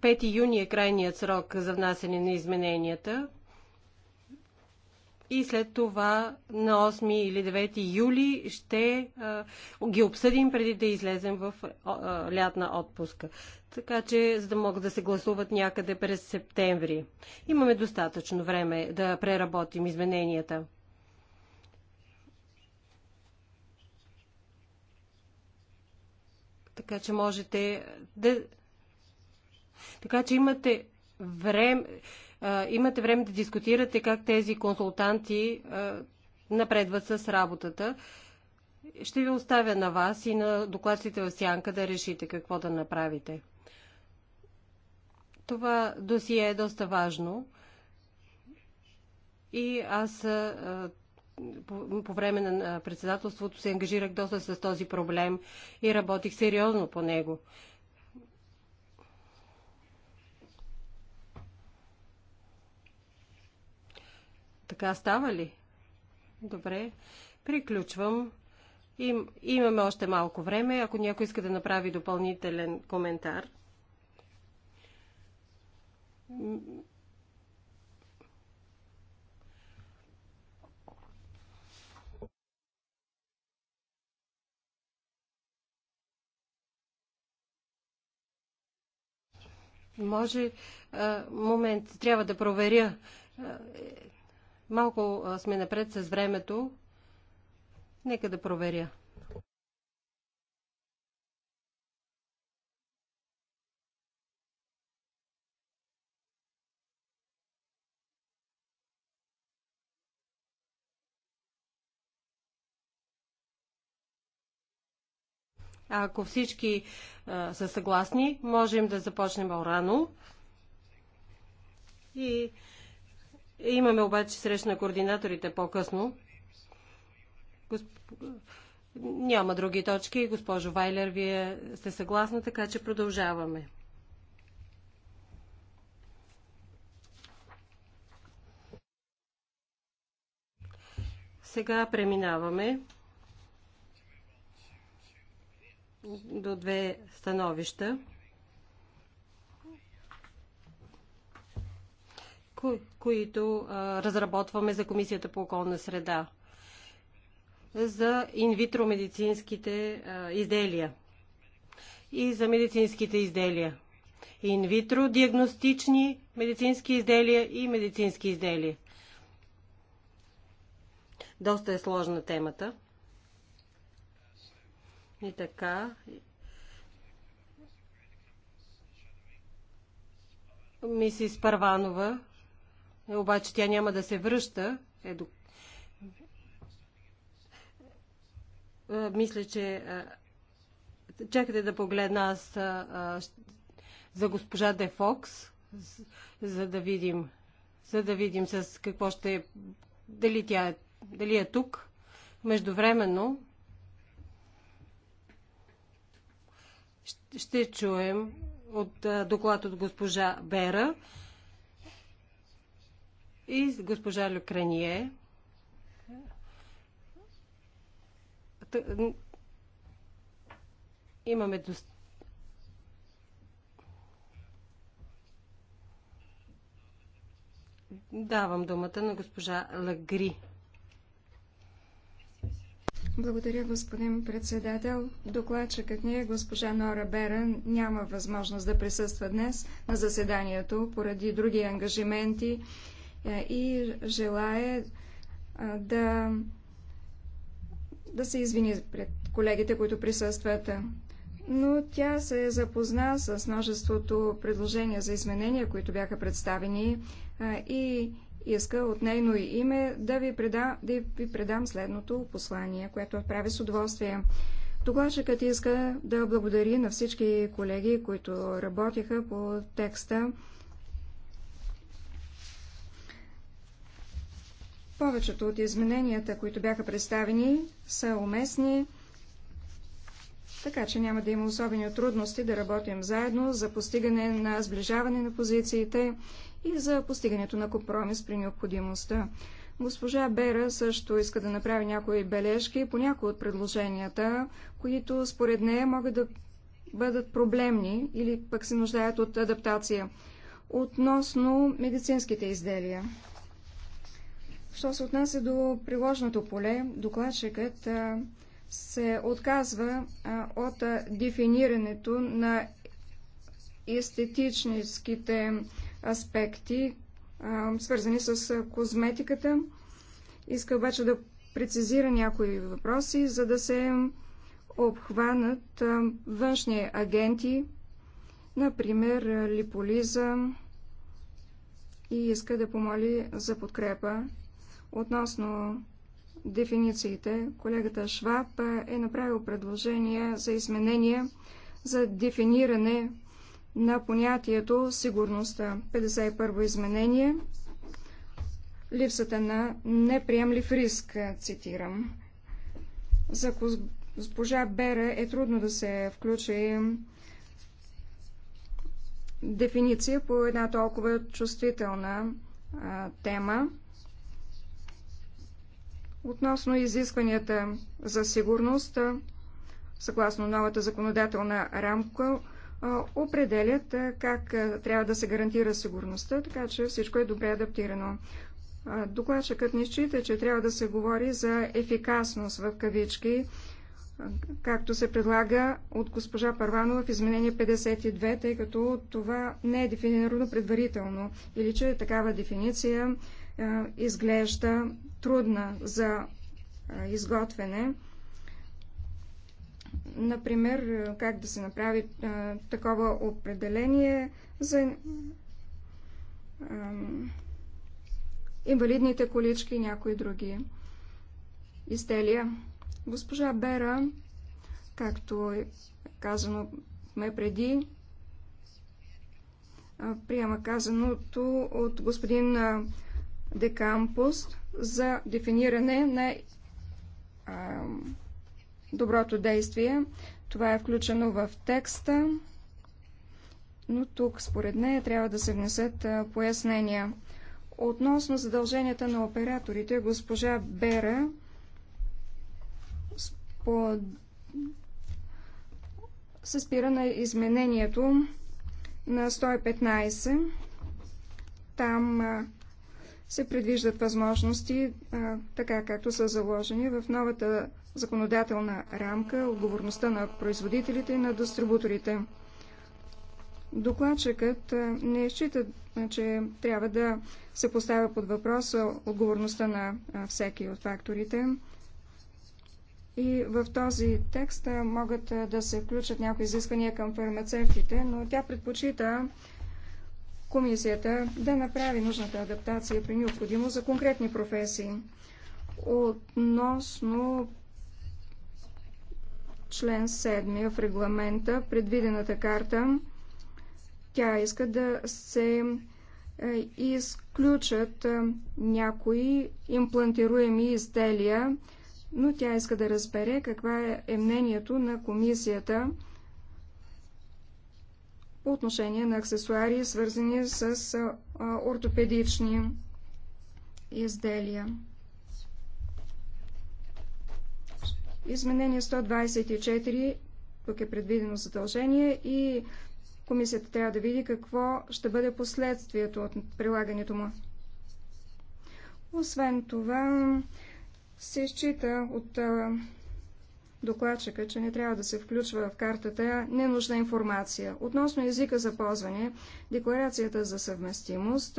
Пети юни е крайният срок за внасяне на измененията и след това на 8 или 9 юли ще а, ги обсъдим преди да излезем в а, лятна отпуска. Така че, за да могат да се гласуват някъде през септември. Имаме достатъчно време да преработим измененията. Така че можете да. Така че имате време имате време да дискутирате как тези консултанти напредват с работата. Ще ви оставя на вас и на докладците в сянка да решите какво да направите. Това досие е доста важно и аз по, по време на председателството се ангажирах доста с този проблем и работих сериозно по него. Така става ли? Добре. Приключвам. Им, имаме още малко време, ако някой иска да направи допълнителен коментар. Може, а, момент, трябва да проверя. Малко сме напред с времето. Нека да проверя. А ако всички а, са съгласни, можем да започнем рано. И Имаме обаче срещна координаторите по-късно. Госп... Няма други точки. Госпожо Вайлер, вие сте съгласна, така че продължаваме. Сега преминаваме до две становища. които а, разработваме за Комисията по околна среда за инвитро медицинските а, изделия и за медицинските изделия. Инвитро диагностични медицински изделия и медицински изделия. Доста е сложна темата. И така. Мисис Парванова е, обаче тя няма да се връща. Едо... Е, мисля, че. Е, Чакайте да погледна аз за госпожа Де Фокс, за да видим, за да видим с какво ще. Дали тя дали е тук. Междувременно ще чуем от доклад от госпожа Бера и госпожа Люкрание. Имаме до... Давам думата на госпожа Лагри. Благодаря, господин председател. Докладчикът ни е госпожа Нора Берен. Няма възможност да присъства днес на заседанието поради други ангажименти. Е, и желая да, да се извини пред колегите, които присъстват. Но тя се запозна с множеството предложения за изменения, които бяха представени и иска от нейно име да ви, преда, да ви предам следното послание, което отправя с удоволствие. Докладчикът иска да благодари на всички колеги, които работиха по текста. Повечето от измененията, които бяха представени, са уместни, така че няма да има особени трудности да работим заедно за постигане на сближаване на позициите и за постигането на компромис при необходимостта. Госпожа Бера също иска да направи някои бележки по някои от предложенията, които според нея могат да бъдат проблемни или пък се нуждаят от адаптация. Относно медицинските изделия. Що се отнася до приложното поле, докладчикът се отказва от дефинирането на естетическите аспекти, свързани с козметиката. Иска обаче да прецизира някои въпроси, за да се обхванат външни агенти, например липолиза и иска да помоли за подкрепа Относно дефинициите, колегата Шваб е направил предложение за изменение за дефиниране на понятието сигурността. 51 изменение. Липсата на неприемлив риск, цитирам. За госпожа Бера е трудно да се включи дефиниция по една толкова чувствителна а, тема. Относно изискванията за сигурност, съгласно новата законодателна рамка, определят как трябва да се гарантира сигурността, така че всичко е добре адаптирано. Докладчикът ни счита, че трябва да се говори за ефикасност в кавички, както се предлага от госпожа Парванова в изменение 52, тъй като това не е дефинирано предварително или че такава дефиниция изглежда трудна за изготвяне. Например, как да се направи такова определение за инвалидните колички и някои други изделия. Госпожа Бера, както е казано ме преди, приема казаното от господин Campus за дефиниране на а, доброто действие. Това е включено в текста, но тук според нея трябва да се внесат а, пояснения. Относно задълженията на операторите, госпожа Бера по... се спира на изменението на 115. Там а, се предвиждат възможности, а, така както са заложени в новата законодателна рамка, отговорността на производителите и на дистрибуторите. Докладчикът не счита, че трябва да се поставя под въпрос отговорността на всеки от факторите. И в този текст могат да се включат някои изисквания към фармацевтите, но тя предпочита комисията да направи нужната адаптация при необходимо за конкретни професии. Относно член 7 в регламента, предвидената карта, тя иска да се е, изключат е, някои имплантируеми изделия, но тя иска да разбере каква е, е мнението на комисията по отношение на аксесуари, свързани с ортопедични изделия. Изменение 124, тук е предвидено задължение и комисията трябва да види какво ще бъде последствието от прилагането му. Освен това, се счита от докладчика, че не трябва да се включва в картата ненужна информация. Относно езика за ползване, декларацията за съвместимост,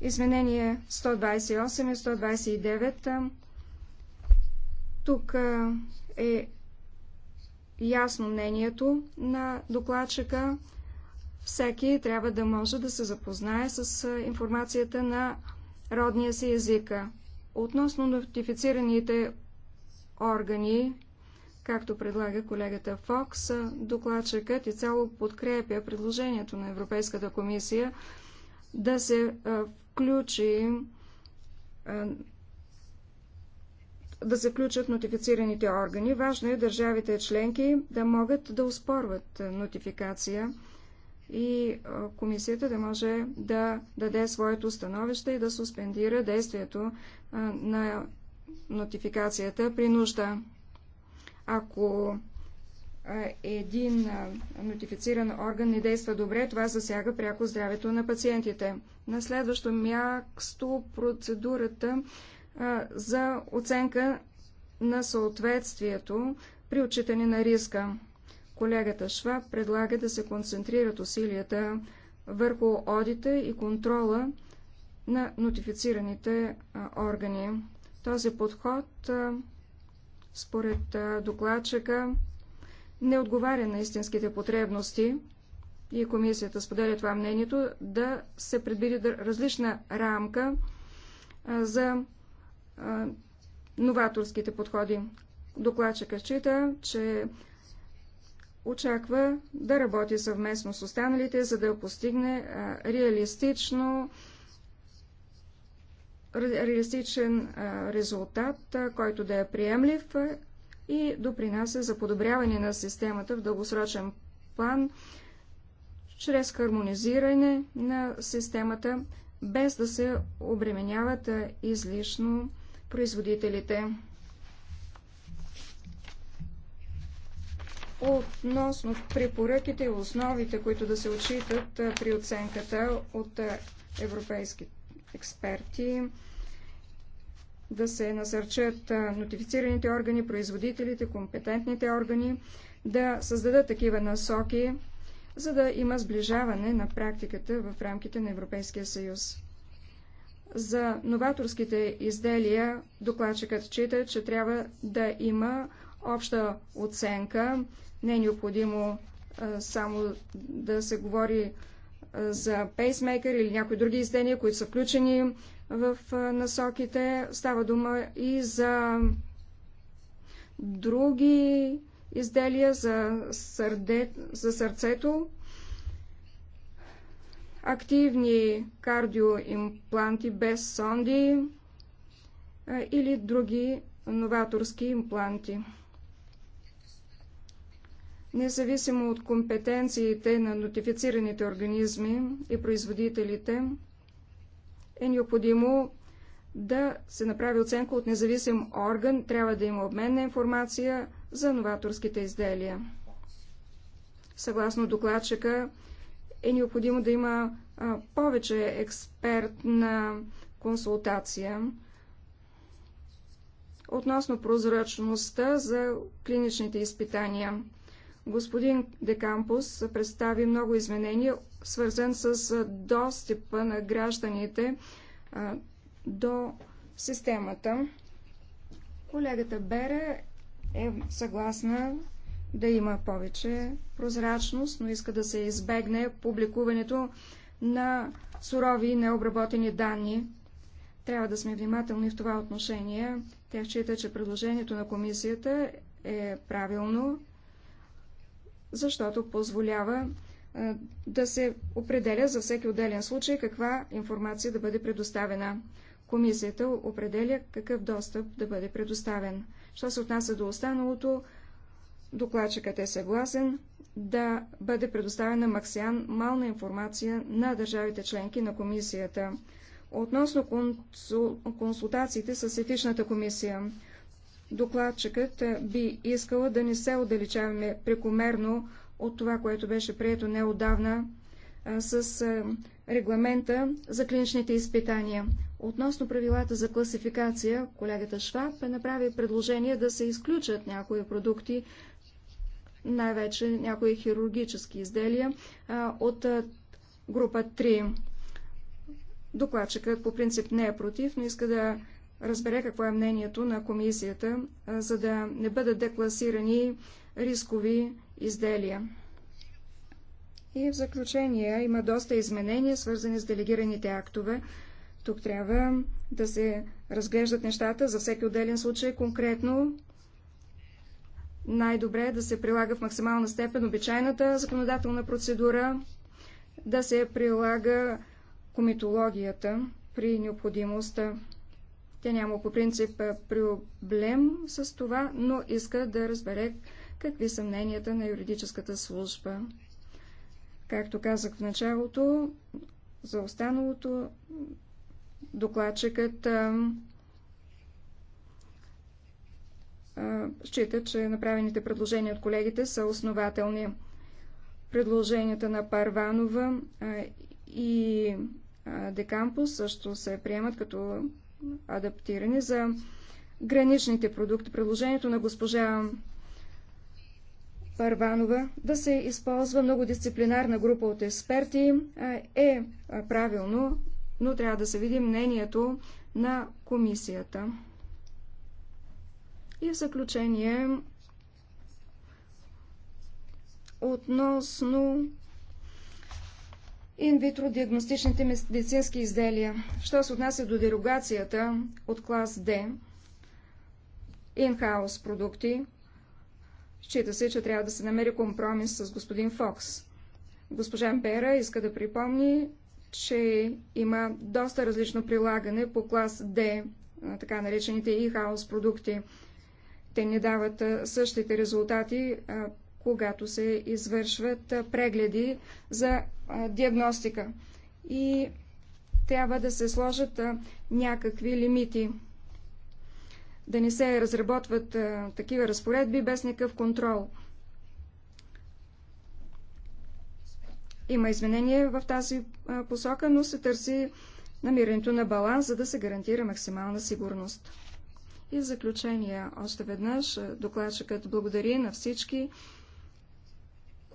изменение 128 и 129, тук е ясно мнението на докладчика. Всеки трябва да може да се запознае с информацията на родния си език. Относно нотифицираните органи, както предлага колегата Фокс, докладчикът и цяло подкрепя предложението на Европейската комисия да се включи да се включат нотифицираните органи. Важно е държавите членки да могат да успорват нотификация и комисията да може да даде своето становище и да суспендира действието на нотификацията при нужда. Ако един нотифициран орган не действа добре, това засяга пряко здравето на пациентите. На следващо място процедурата за оценка на съответствието при отчитане на риска. Колегата Шваб предлага да се концентрират усилията върху одита и контрола на нотифицираните органи. Този подход, според докладчика, не отговаря на истинските потребности и комисията споделя това мнението, да се предвиди различна рамка за новаторските подходи. Докладчика счита, че очаква да работи съвместно с останалите, за да постигне реалистично реалистичен резултат, който да е приемлив и допринася за подобряване на системата в дългосрочен план, чрез хармонизиране на системата, без да се обременяват излишно производителите. Относно препоръките и основите, които да се отчитат при оценката от европейските експерти, да се насърчат нотифицираните органи, производителите, компетентните органи, да създадат такива насоки, за да има сближаване на практиката в рамките на Европейския съюз. За новаторските изделия докладчикът счита, че трябва да има обща оценка. Не е необходимо само да се говори за пейсмейкър или някои други изделия, които са включени в насоките. Става дума и за други изделия за, сърде, за сърцето, активни кардиоимпланти без сонди или други новаторски импланти. Независимо от компетенциите на нотифицираните организми и производителите, е необходимо да се направи оценка от независим орган, трябва да има обмен на информация за новаторските изделия. Съгласно докладчика е необходимо да има а, повече експертна консултация относно прозрачността за клиничните изпитания. Господин Декампус представи много изменения, свързан с достъпа на гражданите до системата. Колегата Бере е съгласна да има повече прозрачност, но иска да се избегне публикуването на сурови и необработени данни. Трябва да сме внимателни в това отношение. Тя счита, че предложението на комисията е правилно, защото позволява да се определя за всеки отделен случай каква информация да бъде предоставена. Комисията определя какъв достъп да бъде предоставен. Що се отнася до останалото, докладчикът е съгласен да бъде предоставена максимална информация на държавите членки на комисията. Относно консултациите с етичната комисия, Докладчикът е, би искала да не се отдалечаваме прекомерно от това, което беше прието неодавна е, с е, регламента за клиничните изпитания. Относно правилата за класификация, колегата Шваб направи предложение да се изключат някои продукти, най-вече някои хирургически изделия от група 3. Докладчикът по принцип не е против, но иска да разбере какво е мнението на комисията, за да не бъдат декласирани рискови изделия. И в заключение има доста изменения, свързани с делегираните актове. Тук трябва да се разглеждат нещата за всеки отделен случай конкретно. Най-добре е да се прилага в максимална степен обичайната законодателна процедура, да се прилага комитологията при необходимостта. Тя няма по принцип проблем с това, но иска да разбере какви са мненията на юридическата служба. Както казах в началото, за останалото докладчикът а, а, счита, че направените предложения от колегите са основателни. Предложенията на Парванова а, и Декампус също се приемат като адаптирани за граничните продукти. Предложението на госпожа Парванова да се използва многодисциплинарна група от експерти е правилно, но трябва да се види мнението на комисията. И в заключение, относно инвитро диагностичните медицински изделия. Що се отнася до дерогацията от клас D, инхаус продукти, счита се, че трябва да се намери компромис с господин Фокс. Госпожа Мпера иска да припомни, че има доста различно прилагане по клас D, така наречените e-house продукти. Те не дават същите резултати, когато се извършват прегледи за диагностика. И трябва да се сложат някакви лимити. Да не се разработват такива разпоредби без никакъв контрол. Има изменения в тази посока, но се търси намирането на баланс, за да се гарантира максимална сигурност. И в заключение, още веднъж, докладчикът благодари на всички,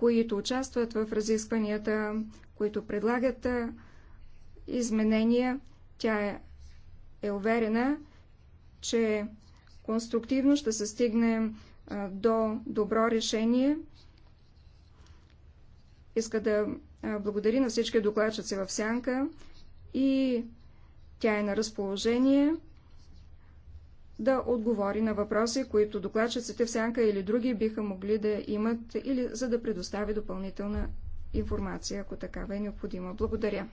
които участват в разискванията, които предлагат изменения. Тя е, е уверена, че конструктивно ще се стигне до добро решение. Иска да благодари на всички докладчици в Сянка и тя е на разположение да отговори на въпроси, които докладчиците в сянка или други биха могли да имат или за да предостави допълнителна информация, ако такава е необходима. Благодаря.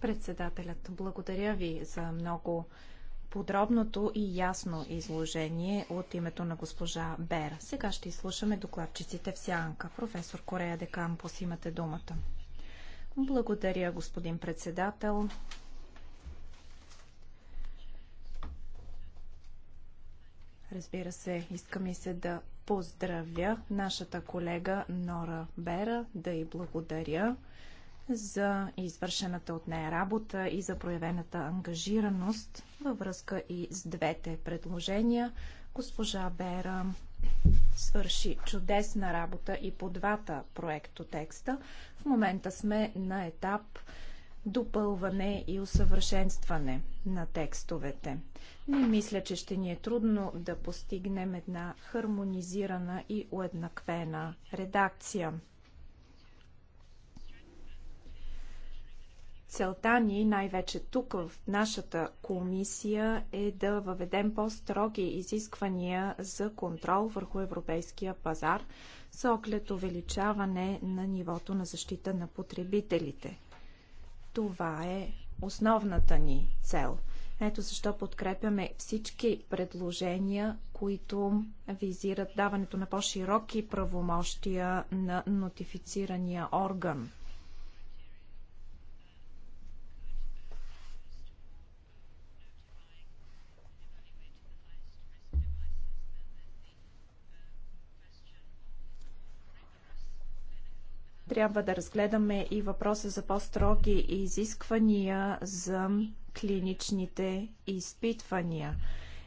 Председателят, благодаря ви за много подробното и ясно изложение от името на госпожа Бер. Сега ще изслушаме докладчиците в сянка. Професор Корея Декампус, имате думата. Благодаря, господин председател. Разбира се, искам и се да поздравя нашата колега Нора Бера, да й благодаря за извършената от нея работа и за проявената ангажираност във връзка и с двете предложения. Госпожа Бера свърши чудесна работа и по двата проекто текста. В момента сме на етап допълване и усъвършенстване на текстовете. Не мисля, че ще ни е трудно да постигнем една хармонизирана и уеднаквена редакция. Целта ни, най-вече тук в нашата комисия, е да въведем по-строги изисквания за контрол върху европейския пазар с оглед увеличаване на нивото на защита на потребителите. Това е основната ни цел. Ето защо подкрепяме всички предложения, които визират даването на по-широки правомощия на нотифицирания орган. Трябва да разгледаме и въпроса за по-строги изисквания за клиничните изпитвания,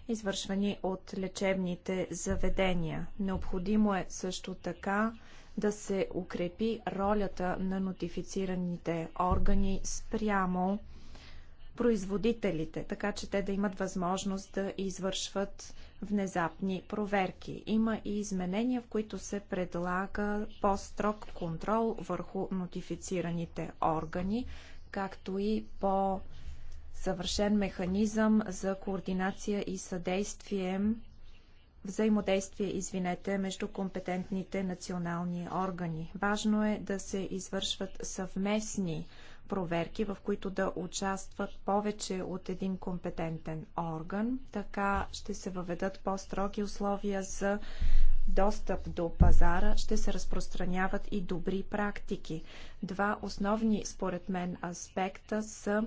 извършвани от лечебните заведения. Необходимо е също така да се укрепи ролята на нотифицираните органи спрямо производителите, така че те да имат възможност да извършват внезапни проверки. Има и изменения, в които се предлага по-строг контрол върху нотифицираните органи, както и по-съвършен механизъм за координация и съдействие взаимодействие, извинете, между компетентните национални органи. Важно е да се извършват съвместни проверки, в които да участват повече от един компетентен орган. Така ще се въведат по-строги условия за достъп до пазара, ще се разпространяват и добри практики. Два основни, според мен, аспекта са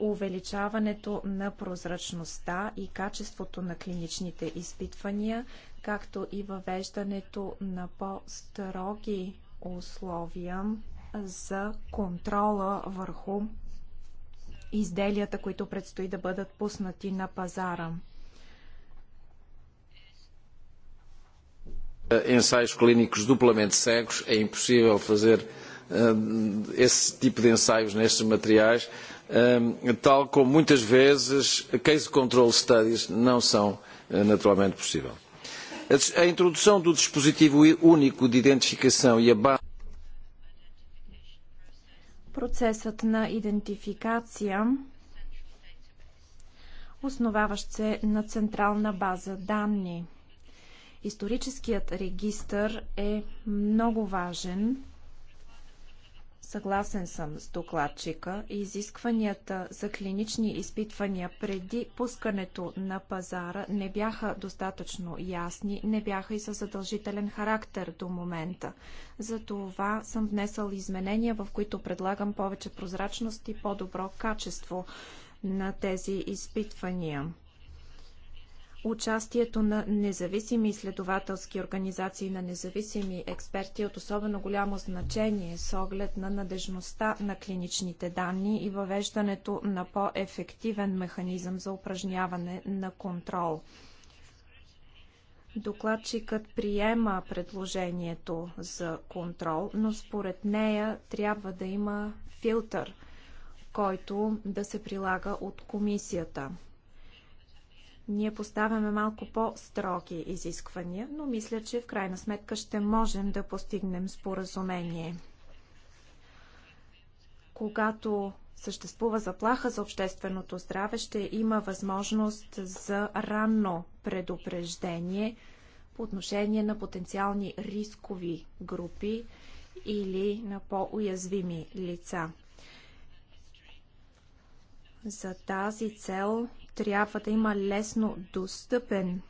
увеличаването на прозрачността и качеството на клиничните изпитвания, както и въвеждането на по-строги условия за контрола върху изделията, които предстои да бъдат пуснати на пазара. Ensaios clínicos duplamente cegos, é impossível fazer eh, esse tipo de ensaios nestes materiais, tal como muitas vezes case control studies não são naturalmente possível. A introdução do dispositivo único de identificação e a base Процесът на идентификация, основаващ се на централна база данни. Историческият регистър е много важен Съгласен съм с докладчика. Изискванията за клинични изпитвания преди пускането на пазара не бяха достатъчно ясни, не бяха и със задължителен характер до момента. Затова съм внесъл изменения, в които предлагам повече прозрачност и по-добро качество на тези изпитвания участието на независими изследователски организации, на независими експерти е от особено голямо значение с оглед на надежността на клиничните данни и въвеждането на по-ефективен механизъм за упражняване на контрол. Докладчикът приема предложението за контрол, но според нея трябва да има филтър, който да се прилага от комисията. Ние поставяме малко по-строги изисквания, но мисля, че в крайна сметка ще можем да постигнем споразумение. Когато съществува заплаха за общественото здраве, ще има възможност за ранно предупреждение по отношение на потенциални рискови групи или на по-уязвими лица. За тази цел трябва да има лесно достъпен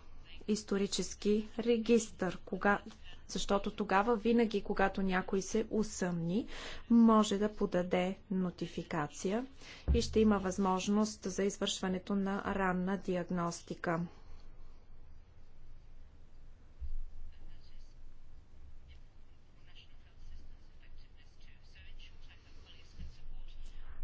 исторически регистър, кога... защото тогава винаги, когато някой се усъмни, може да подаде нотификация и ще има възможност за извършването на ранна диагностика.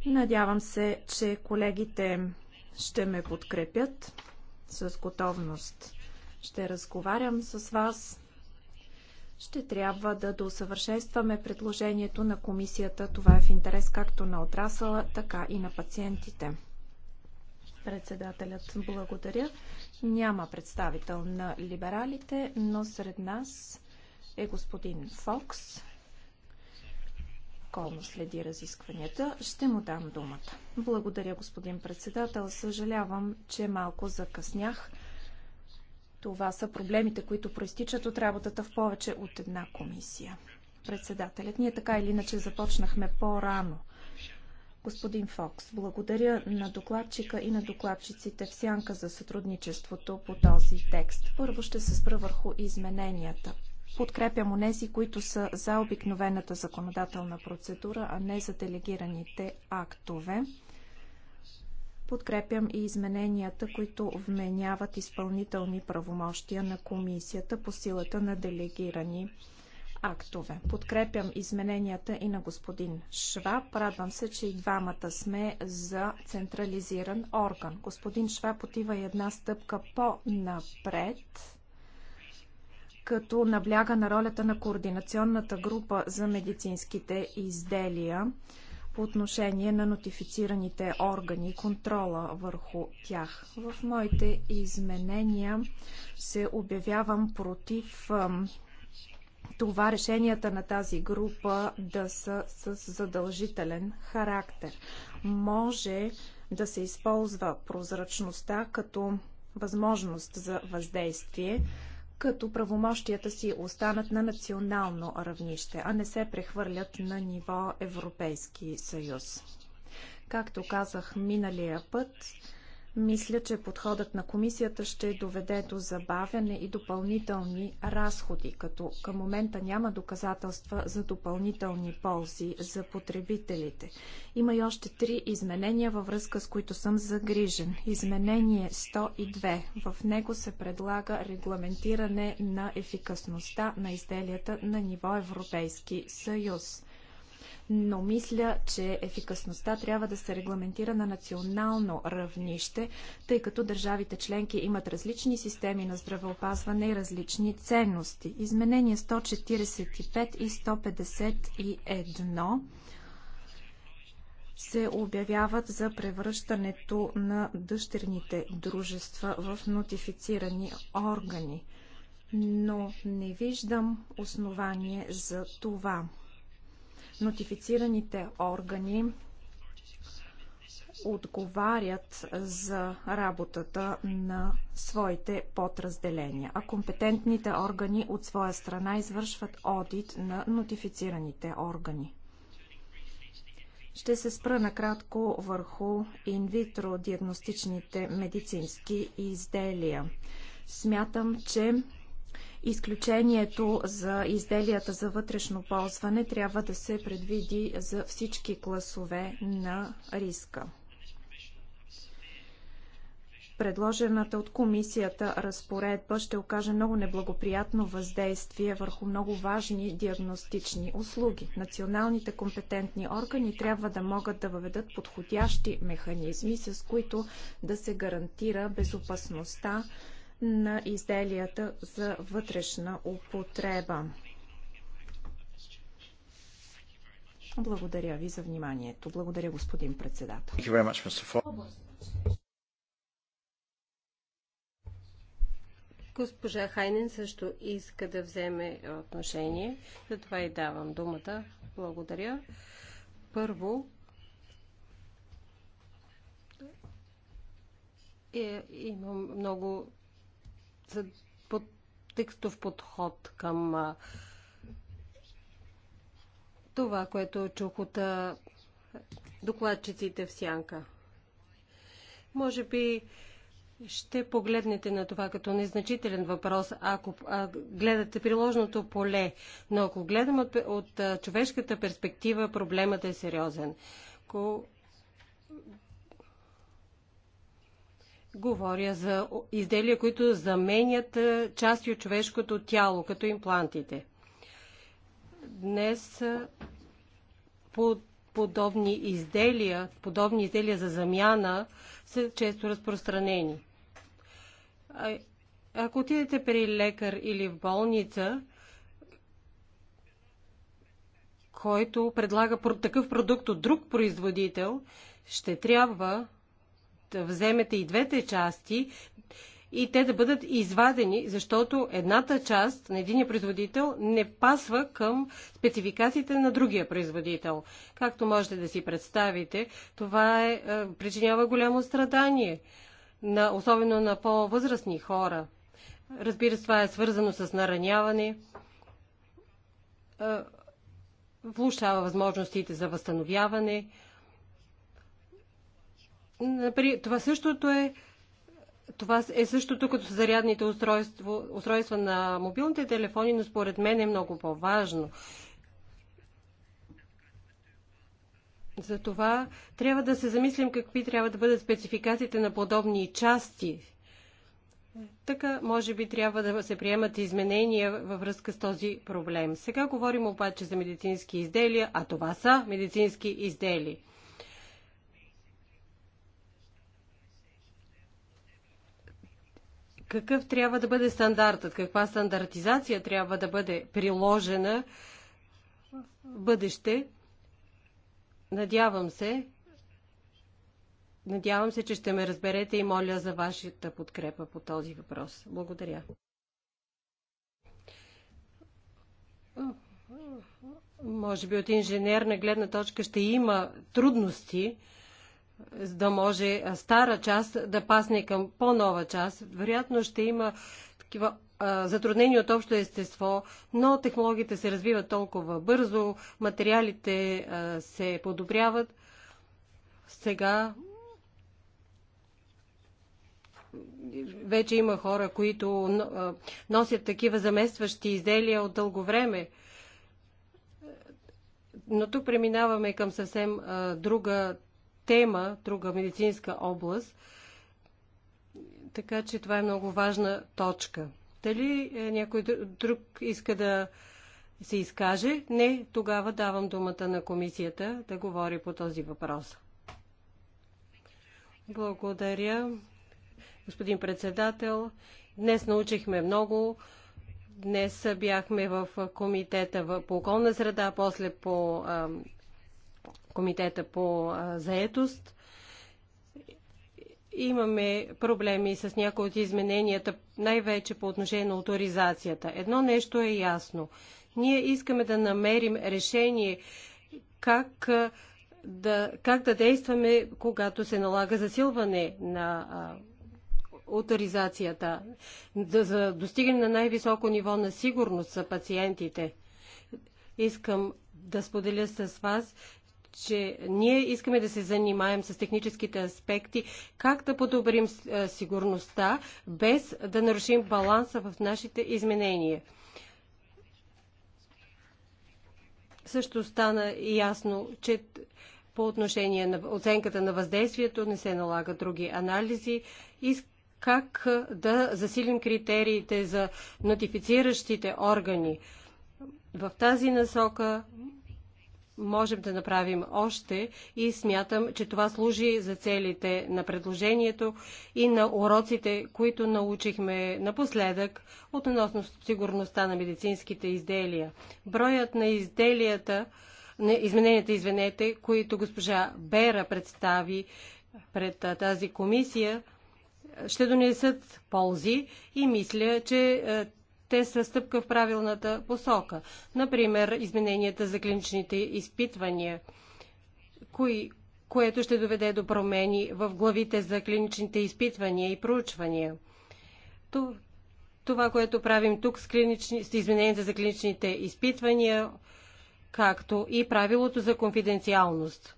Надявам се, че колегите ще ме подкрепят с готовност. Ще разговарям с вас. Ще трябва да досъвършенстваме предложението на комисията. Това е в интерес както на отрасъла, така и на пациентите. Председателят, благодаря. Няма представител на либералите, но сред нас е господин Фокс безпротоколно следи разискванията. Ще му дам думата. Благодаря, господин председател. Съжалявам, че малко закъснях. Това са проблемите, които проистичат от работата в повече от една комисия. Председателят, ние така или иначе започнахме по-рано. Господин Фокс, благодаря на докладчика и на докладчиците в сянка за сътрудничеството по този текст. Първо ще се спра върху измененията. Подкрепям онези, които са за обикновената законодателна процедура, а не за делегираните актове. Подкрепям и измененията, които вменяват изпълнителни правомощия на комисията по силата на делегирани актове. Подкрепям измененията и на господин Шваб. Радвам се, че и двамата сме за централизиран орган. Господин Шваб отива и една стъпка по-напред като набляга на ролята на координационната група за медицинските изделия по отношение на нотифицираните органи и контрола върху тях. В моите изменения се обявявам против това решенията на тази група да са с задължителен характер. Може да се използва прозрачността като възможност за въздействие, като правомощията си останат на национално равнище, а не се прехвърлят на ниво Европейски съюз. Както казах миналия път, мисля, че подходът на комисията ще доведе до забавяне и допълнителни разходи, като към момента няма доказателства за допълнителни ползи за потребителите. Има и още три изменения във връзка с които съм загрижен. Изменение 102. В него се предлага регламентиране на ефикасността на изделията на ниво Европейски съюз но мисля, че ефикасността трябва да се регламентира на национално равнище, тъй като държавите членки имат различни системи на здравеопазване и различни ценности. Изменения 145 и 151 се обявяват за превръщането на дъщерните дружества в нотифицирани органи. Но не виждам основание за това. Нотифицираните органи отговарят за работата на своите подразделения, а компетентните органи от своя страна извършват одит на нотифицираните органи. Ще се спра накратко върху инвитро диагностичните медицински изделия. Смятам, че Изключението за изделията за вътрешно ползване трябва да се предвиди за всички класове на риска. Предложената от комисията разпоредба ще окаже много неблагоприятно въздействие върху много важни диагностични услуги. Националните компетентни органи трябва да могат да въведат подходящи механизми, с които да се гарантира безопасността на изделията за вътрешна употреба. Благодаря ви за вниманието. Благодаря, господин председател. Госпожа Хайнен също иска да вземе отношение, затова и давам думата. Благодаря. Първо, е, имам много под, текстов подход към а, това, което чух от а, докладчиците в Сянка. Може би ще погледнете на това като незначителен въпрос, ако а, гледате приложното поле, но ако гледам от, от а, човешката перспектива, проблемът е сериозен. Ко... Говоря за изделия, които заменят части от човешкото тяло, като имплантите. Днес по подобни изделия, подобни изделия за замяна са често разпространени. ако отидете при лекар или в болница, който предлага такъв продукт от друг производител, ще трябва вземете и двете части и те да бъдат извадени, защото едната част на един производител не пасва към спецификациите на другия производител. Както можете да си представите, това е, е, причинява голямо страдание, на, особено на по-възрастни хора. Разбира се, това е свързано с нараняване, е, влушава възможностите за възстановяване, това същото е това е същото като зарядните устройства, устройства на мобилните телефони, но според мен е много по-важно. Затова трябва да се замислим какви трябва да бъдат спецификациите на подобни части. Така, може би трябва да се приемат изменения във връзка с този проблем. Сега говорим обаче за медицински изделия, а това са медицински изделия. какъв трябва да бъде стандартът, каква стандартизация трябва да бъде приложена в бъдеще. Надявам се, надявам се, че ще ме разберете и моля за вашата подкрепа по този въпрос. Благодаря. Може би от инженерна гледна точка ще има трудности, за да може стара част да пасне към по-нова част. Вероятно ще има такива затруднения от общо естество, но технологиите се развиват толкова бързо, материалите се подобряват. Сега вече има хора, които носят такива заместващи изделия от дълго време. Но тук преминаваме към съвсем друга тема, друга медицинска област. Така че това е много важна точка. Дали е, някой друг иска да се изкаже? Не, тогава давам думата на комисията да говори по този въпрос. Благодаря, господин председател. Днес научихме много. Днес бяхме в комитета по околна среда, после по комитета по заетост. Имаме проблеми с някои от измененията, най-вече по отношение на авторизацията. Едно нещо е ясно. Ние искаме да намерим решение как да, как да действаме, когато се налага засилване на авторизацията, да, за достигане на най-високо ниво на сигурност за пациентите. Искам да споделя с вас, че ние искаме да се занимаем с техническите аспекти, как да подобрим е, сигурността, без да нарушим баланса в нашите изменения. Също стана ясно, че по отношение на оценката на въздействието не се налага други анализи и как е, да засилим критериите за нотифициращите органи. В тази насока можем да направим още и смятам, че това служи за целите на предложението и на уроците, които научихме напоследък относно сигурността на медицинските изделия. Броят на изделията, на измененията, извинете, които госпожа Бера представи пред тази комисия, ще донесат ползи и мисля, че те са стъпка в правилната посока. Например, измененията за клиничните изпитвания, кои, което ще доведе до промени в главите за клиничните изпитвания и проучвания. Това, което правим тук с, клинични, с измененията за клиничните изпитвания, както и правилото за конфиденциалност.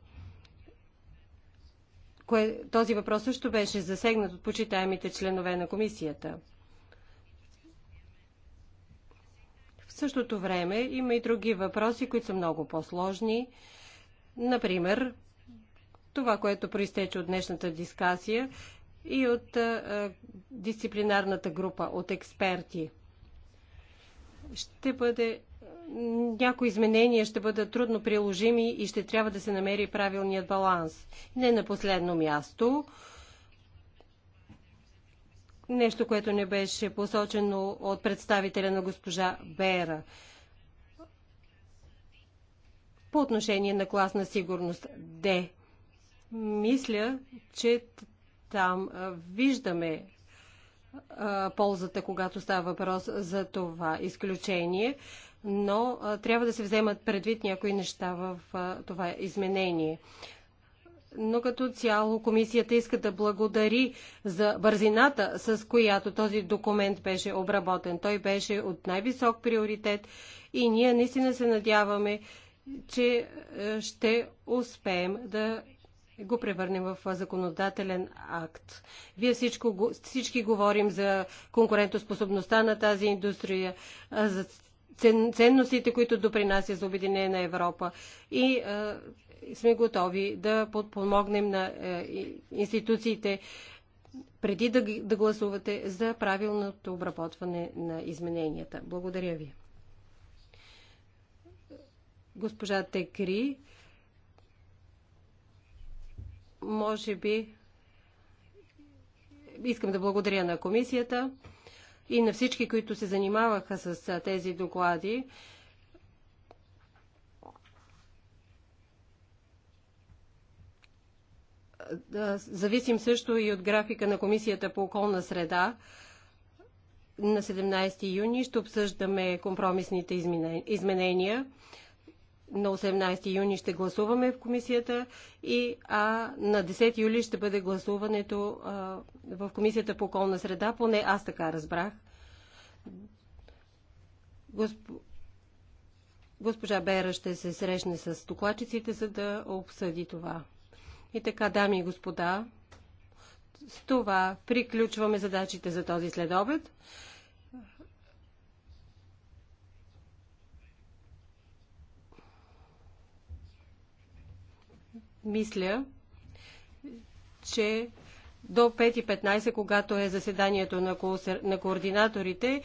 Кое, този въпрос също беше засегнат от почитаемите членове на комисията. В същото време има и други въпроси, които са много по-сложни. Например, това, което проистече от днешната дискасия и от а, дисциплинарната група от експерти. Ще бъде някои изменения ще бъдат трудно приложими и ще трябва да се намери правилният баланс. Не на последно място, нещо, което не беше посочено от представителя на госпожа Бера. По отношение на класна сигурност Д. Мисля, че там виждаме ползата, когато става въпрос за това изключение, но трябва да се вземат предвид някои неща в това изменение но като цяло комисията иска да благодари за бързината, с която този документ беше обработен. Той беше от най-висок приоритет и ние наистина се надяваме, че е, ще успеем да го превърнем в законодателен акт. Вие всичко, всички говорим за конкурентоспособността на тази индустрия, за ценностите, които допринася за Обединена Европа. И е, сме готови да подпомогнем на е, институциите преди да, да гласувате за правилното обработване на измененията. Благодаря ви. Госпожа Текри, може би искам да благодаря на комисията и на всички, които се занимаваха с тези доклади. зависим също и от графика на Комисията по околна среда. На 17 юни ще обсъждаме компромисните изменения. На 18 юни ще гласуваме в комисията и а на 10 юли ще бъде гласуването а, в комисията по околна среда, поне аз така разбрах. Госп... Госпожа Бера ще се срещне с докладчиците, за да обсъди това. И така, дами и господа, с това приключваме задачите за този следобед. Мисля, че до 5.15, когато е заседанието на, ко... на координаторите,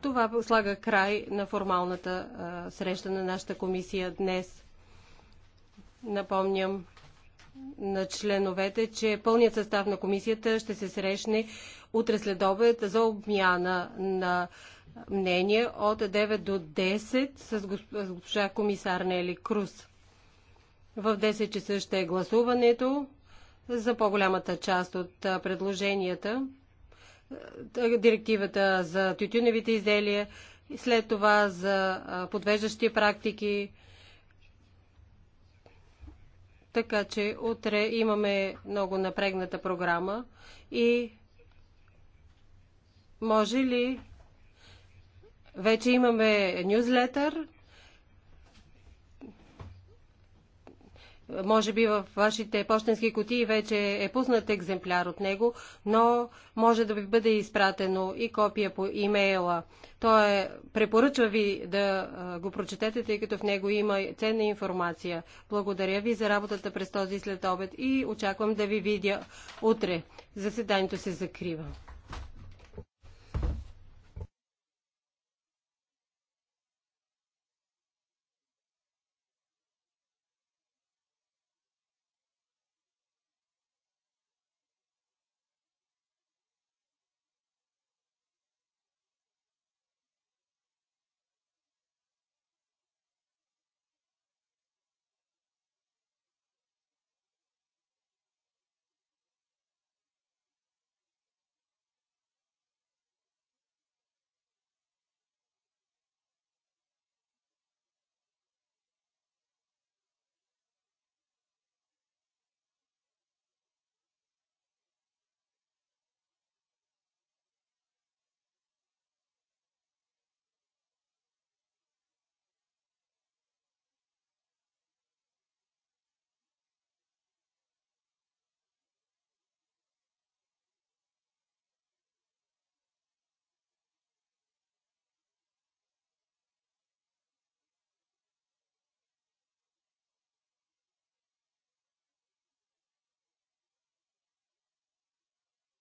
това слага край на формалната а, среща на нашата комисия днес. Напомням на членовете, че пълният състав на комисията ще се срещне утре след обед за обмяна на мнение от 9 до 10 с госпожа комисар Нели Круз. В 10 часа ще е гласуването за по-голямата част от предложенията. Е, е, директивата за тютюневите изделия, след това за подвеждащи практики, така че утре имаме много напрегната програма и може ли вече имаме нюзлетър, Може би в вашите почтенски кутии вече е пуснат екземпляр от него, но може да ви бъде изпратено и копия по имейла. Той е, препоръчва ви да го прочетете, тъй като в него има ценна информация. Благодаря ви за работата през този следобед и очаквам да ви видя утре. Заседанието се закрива.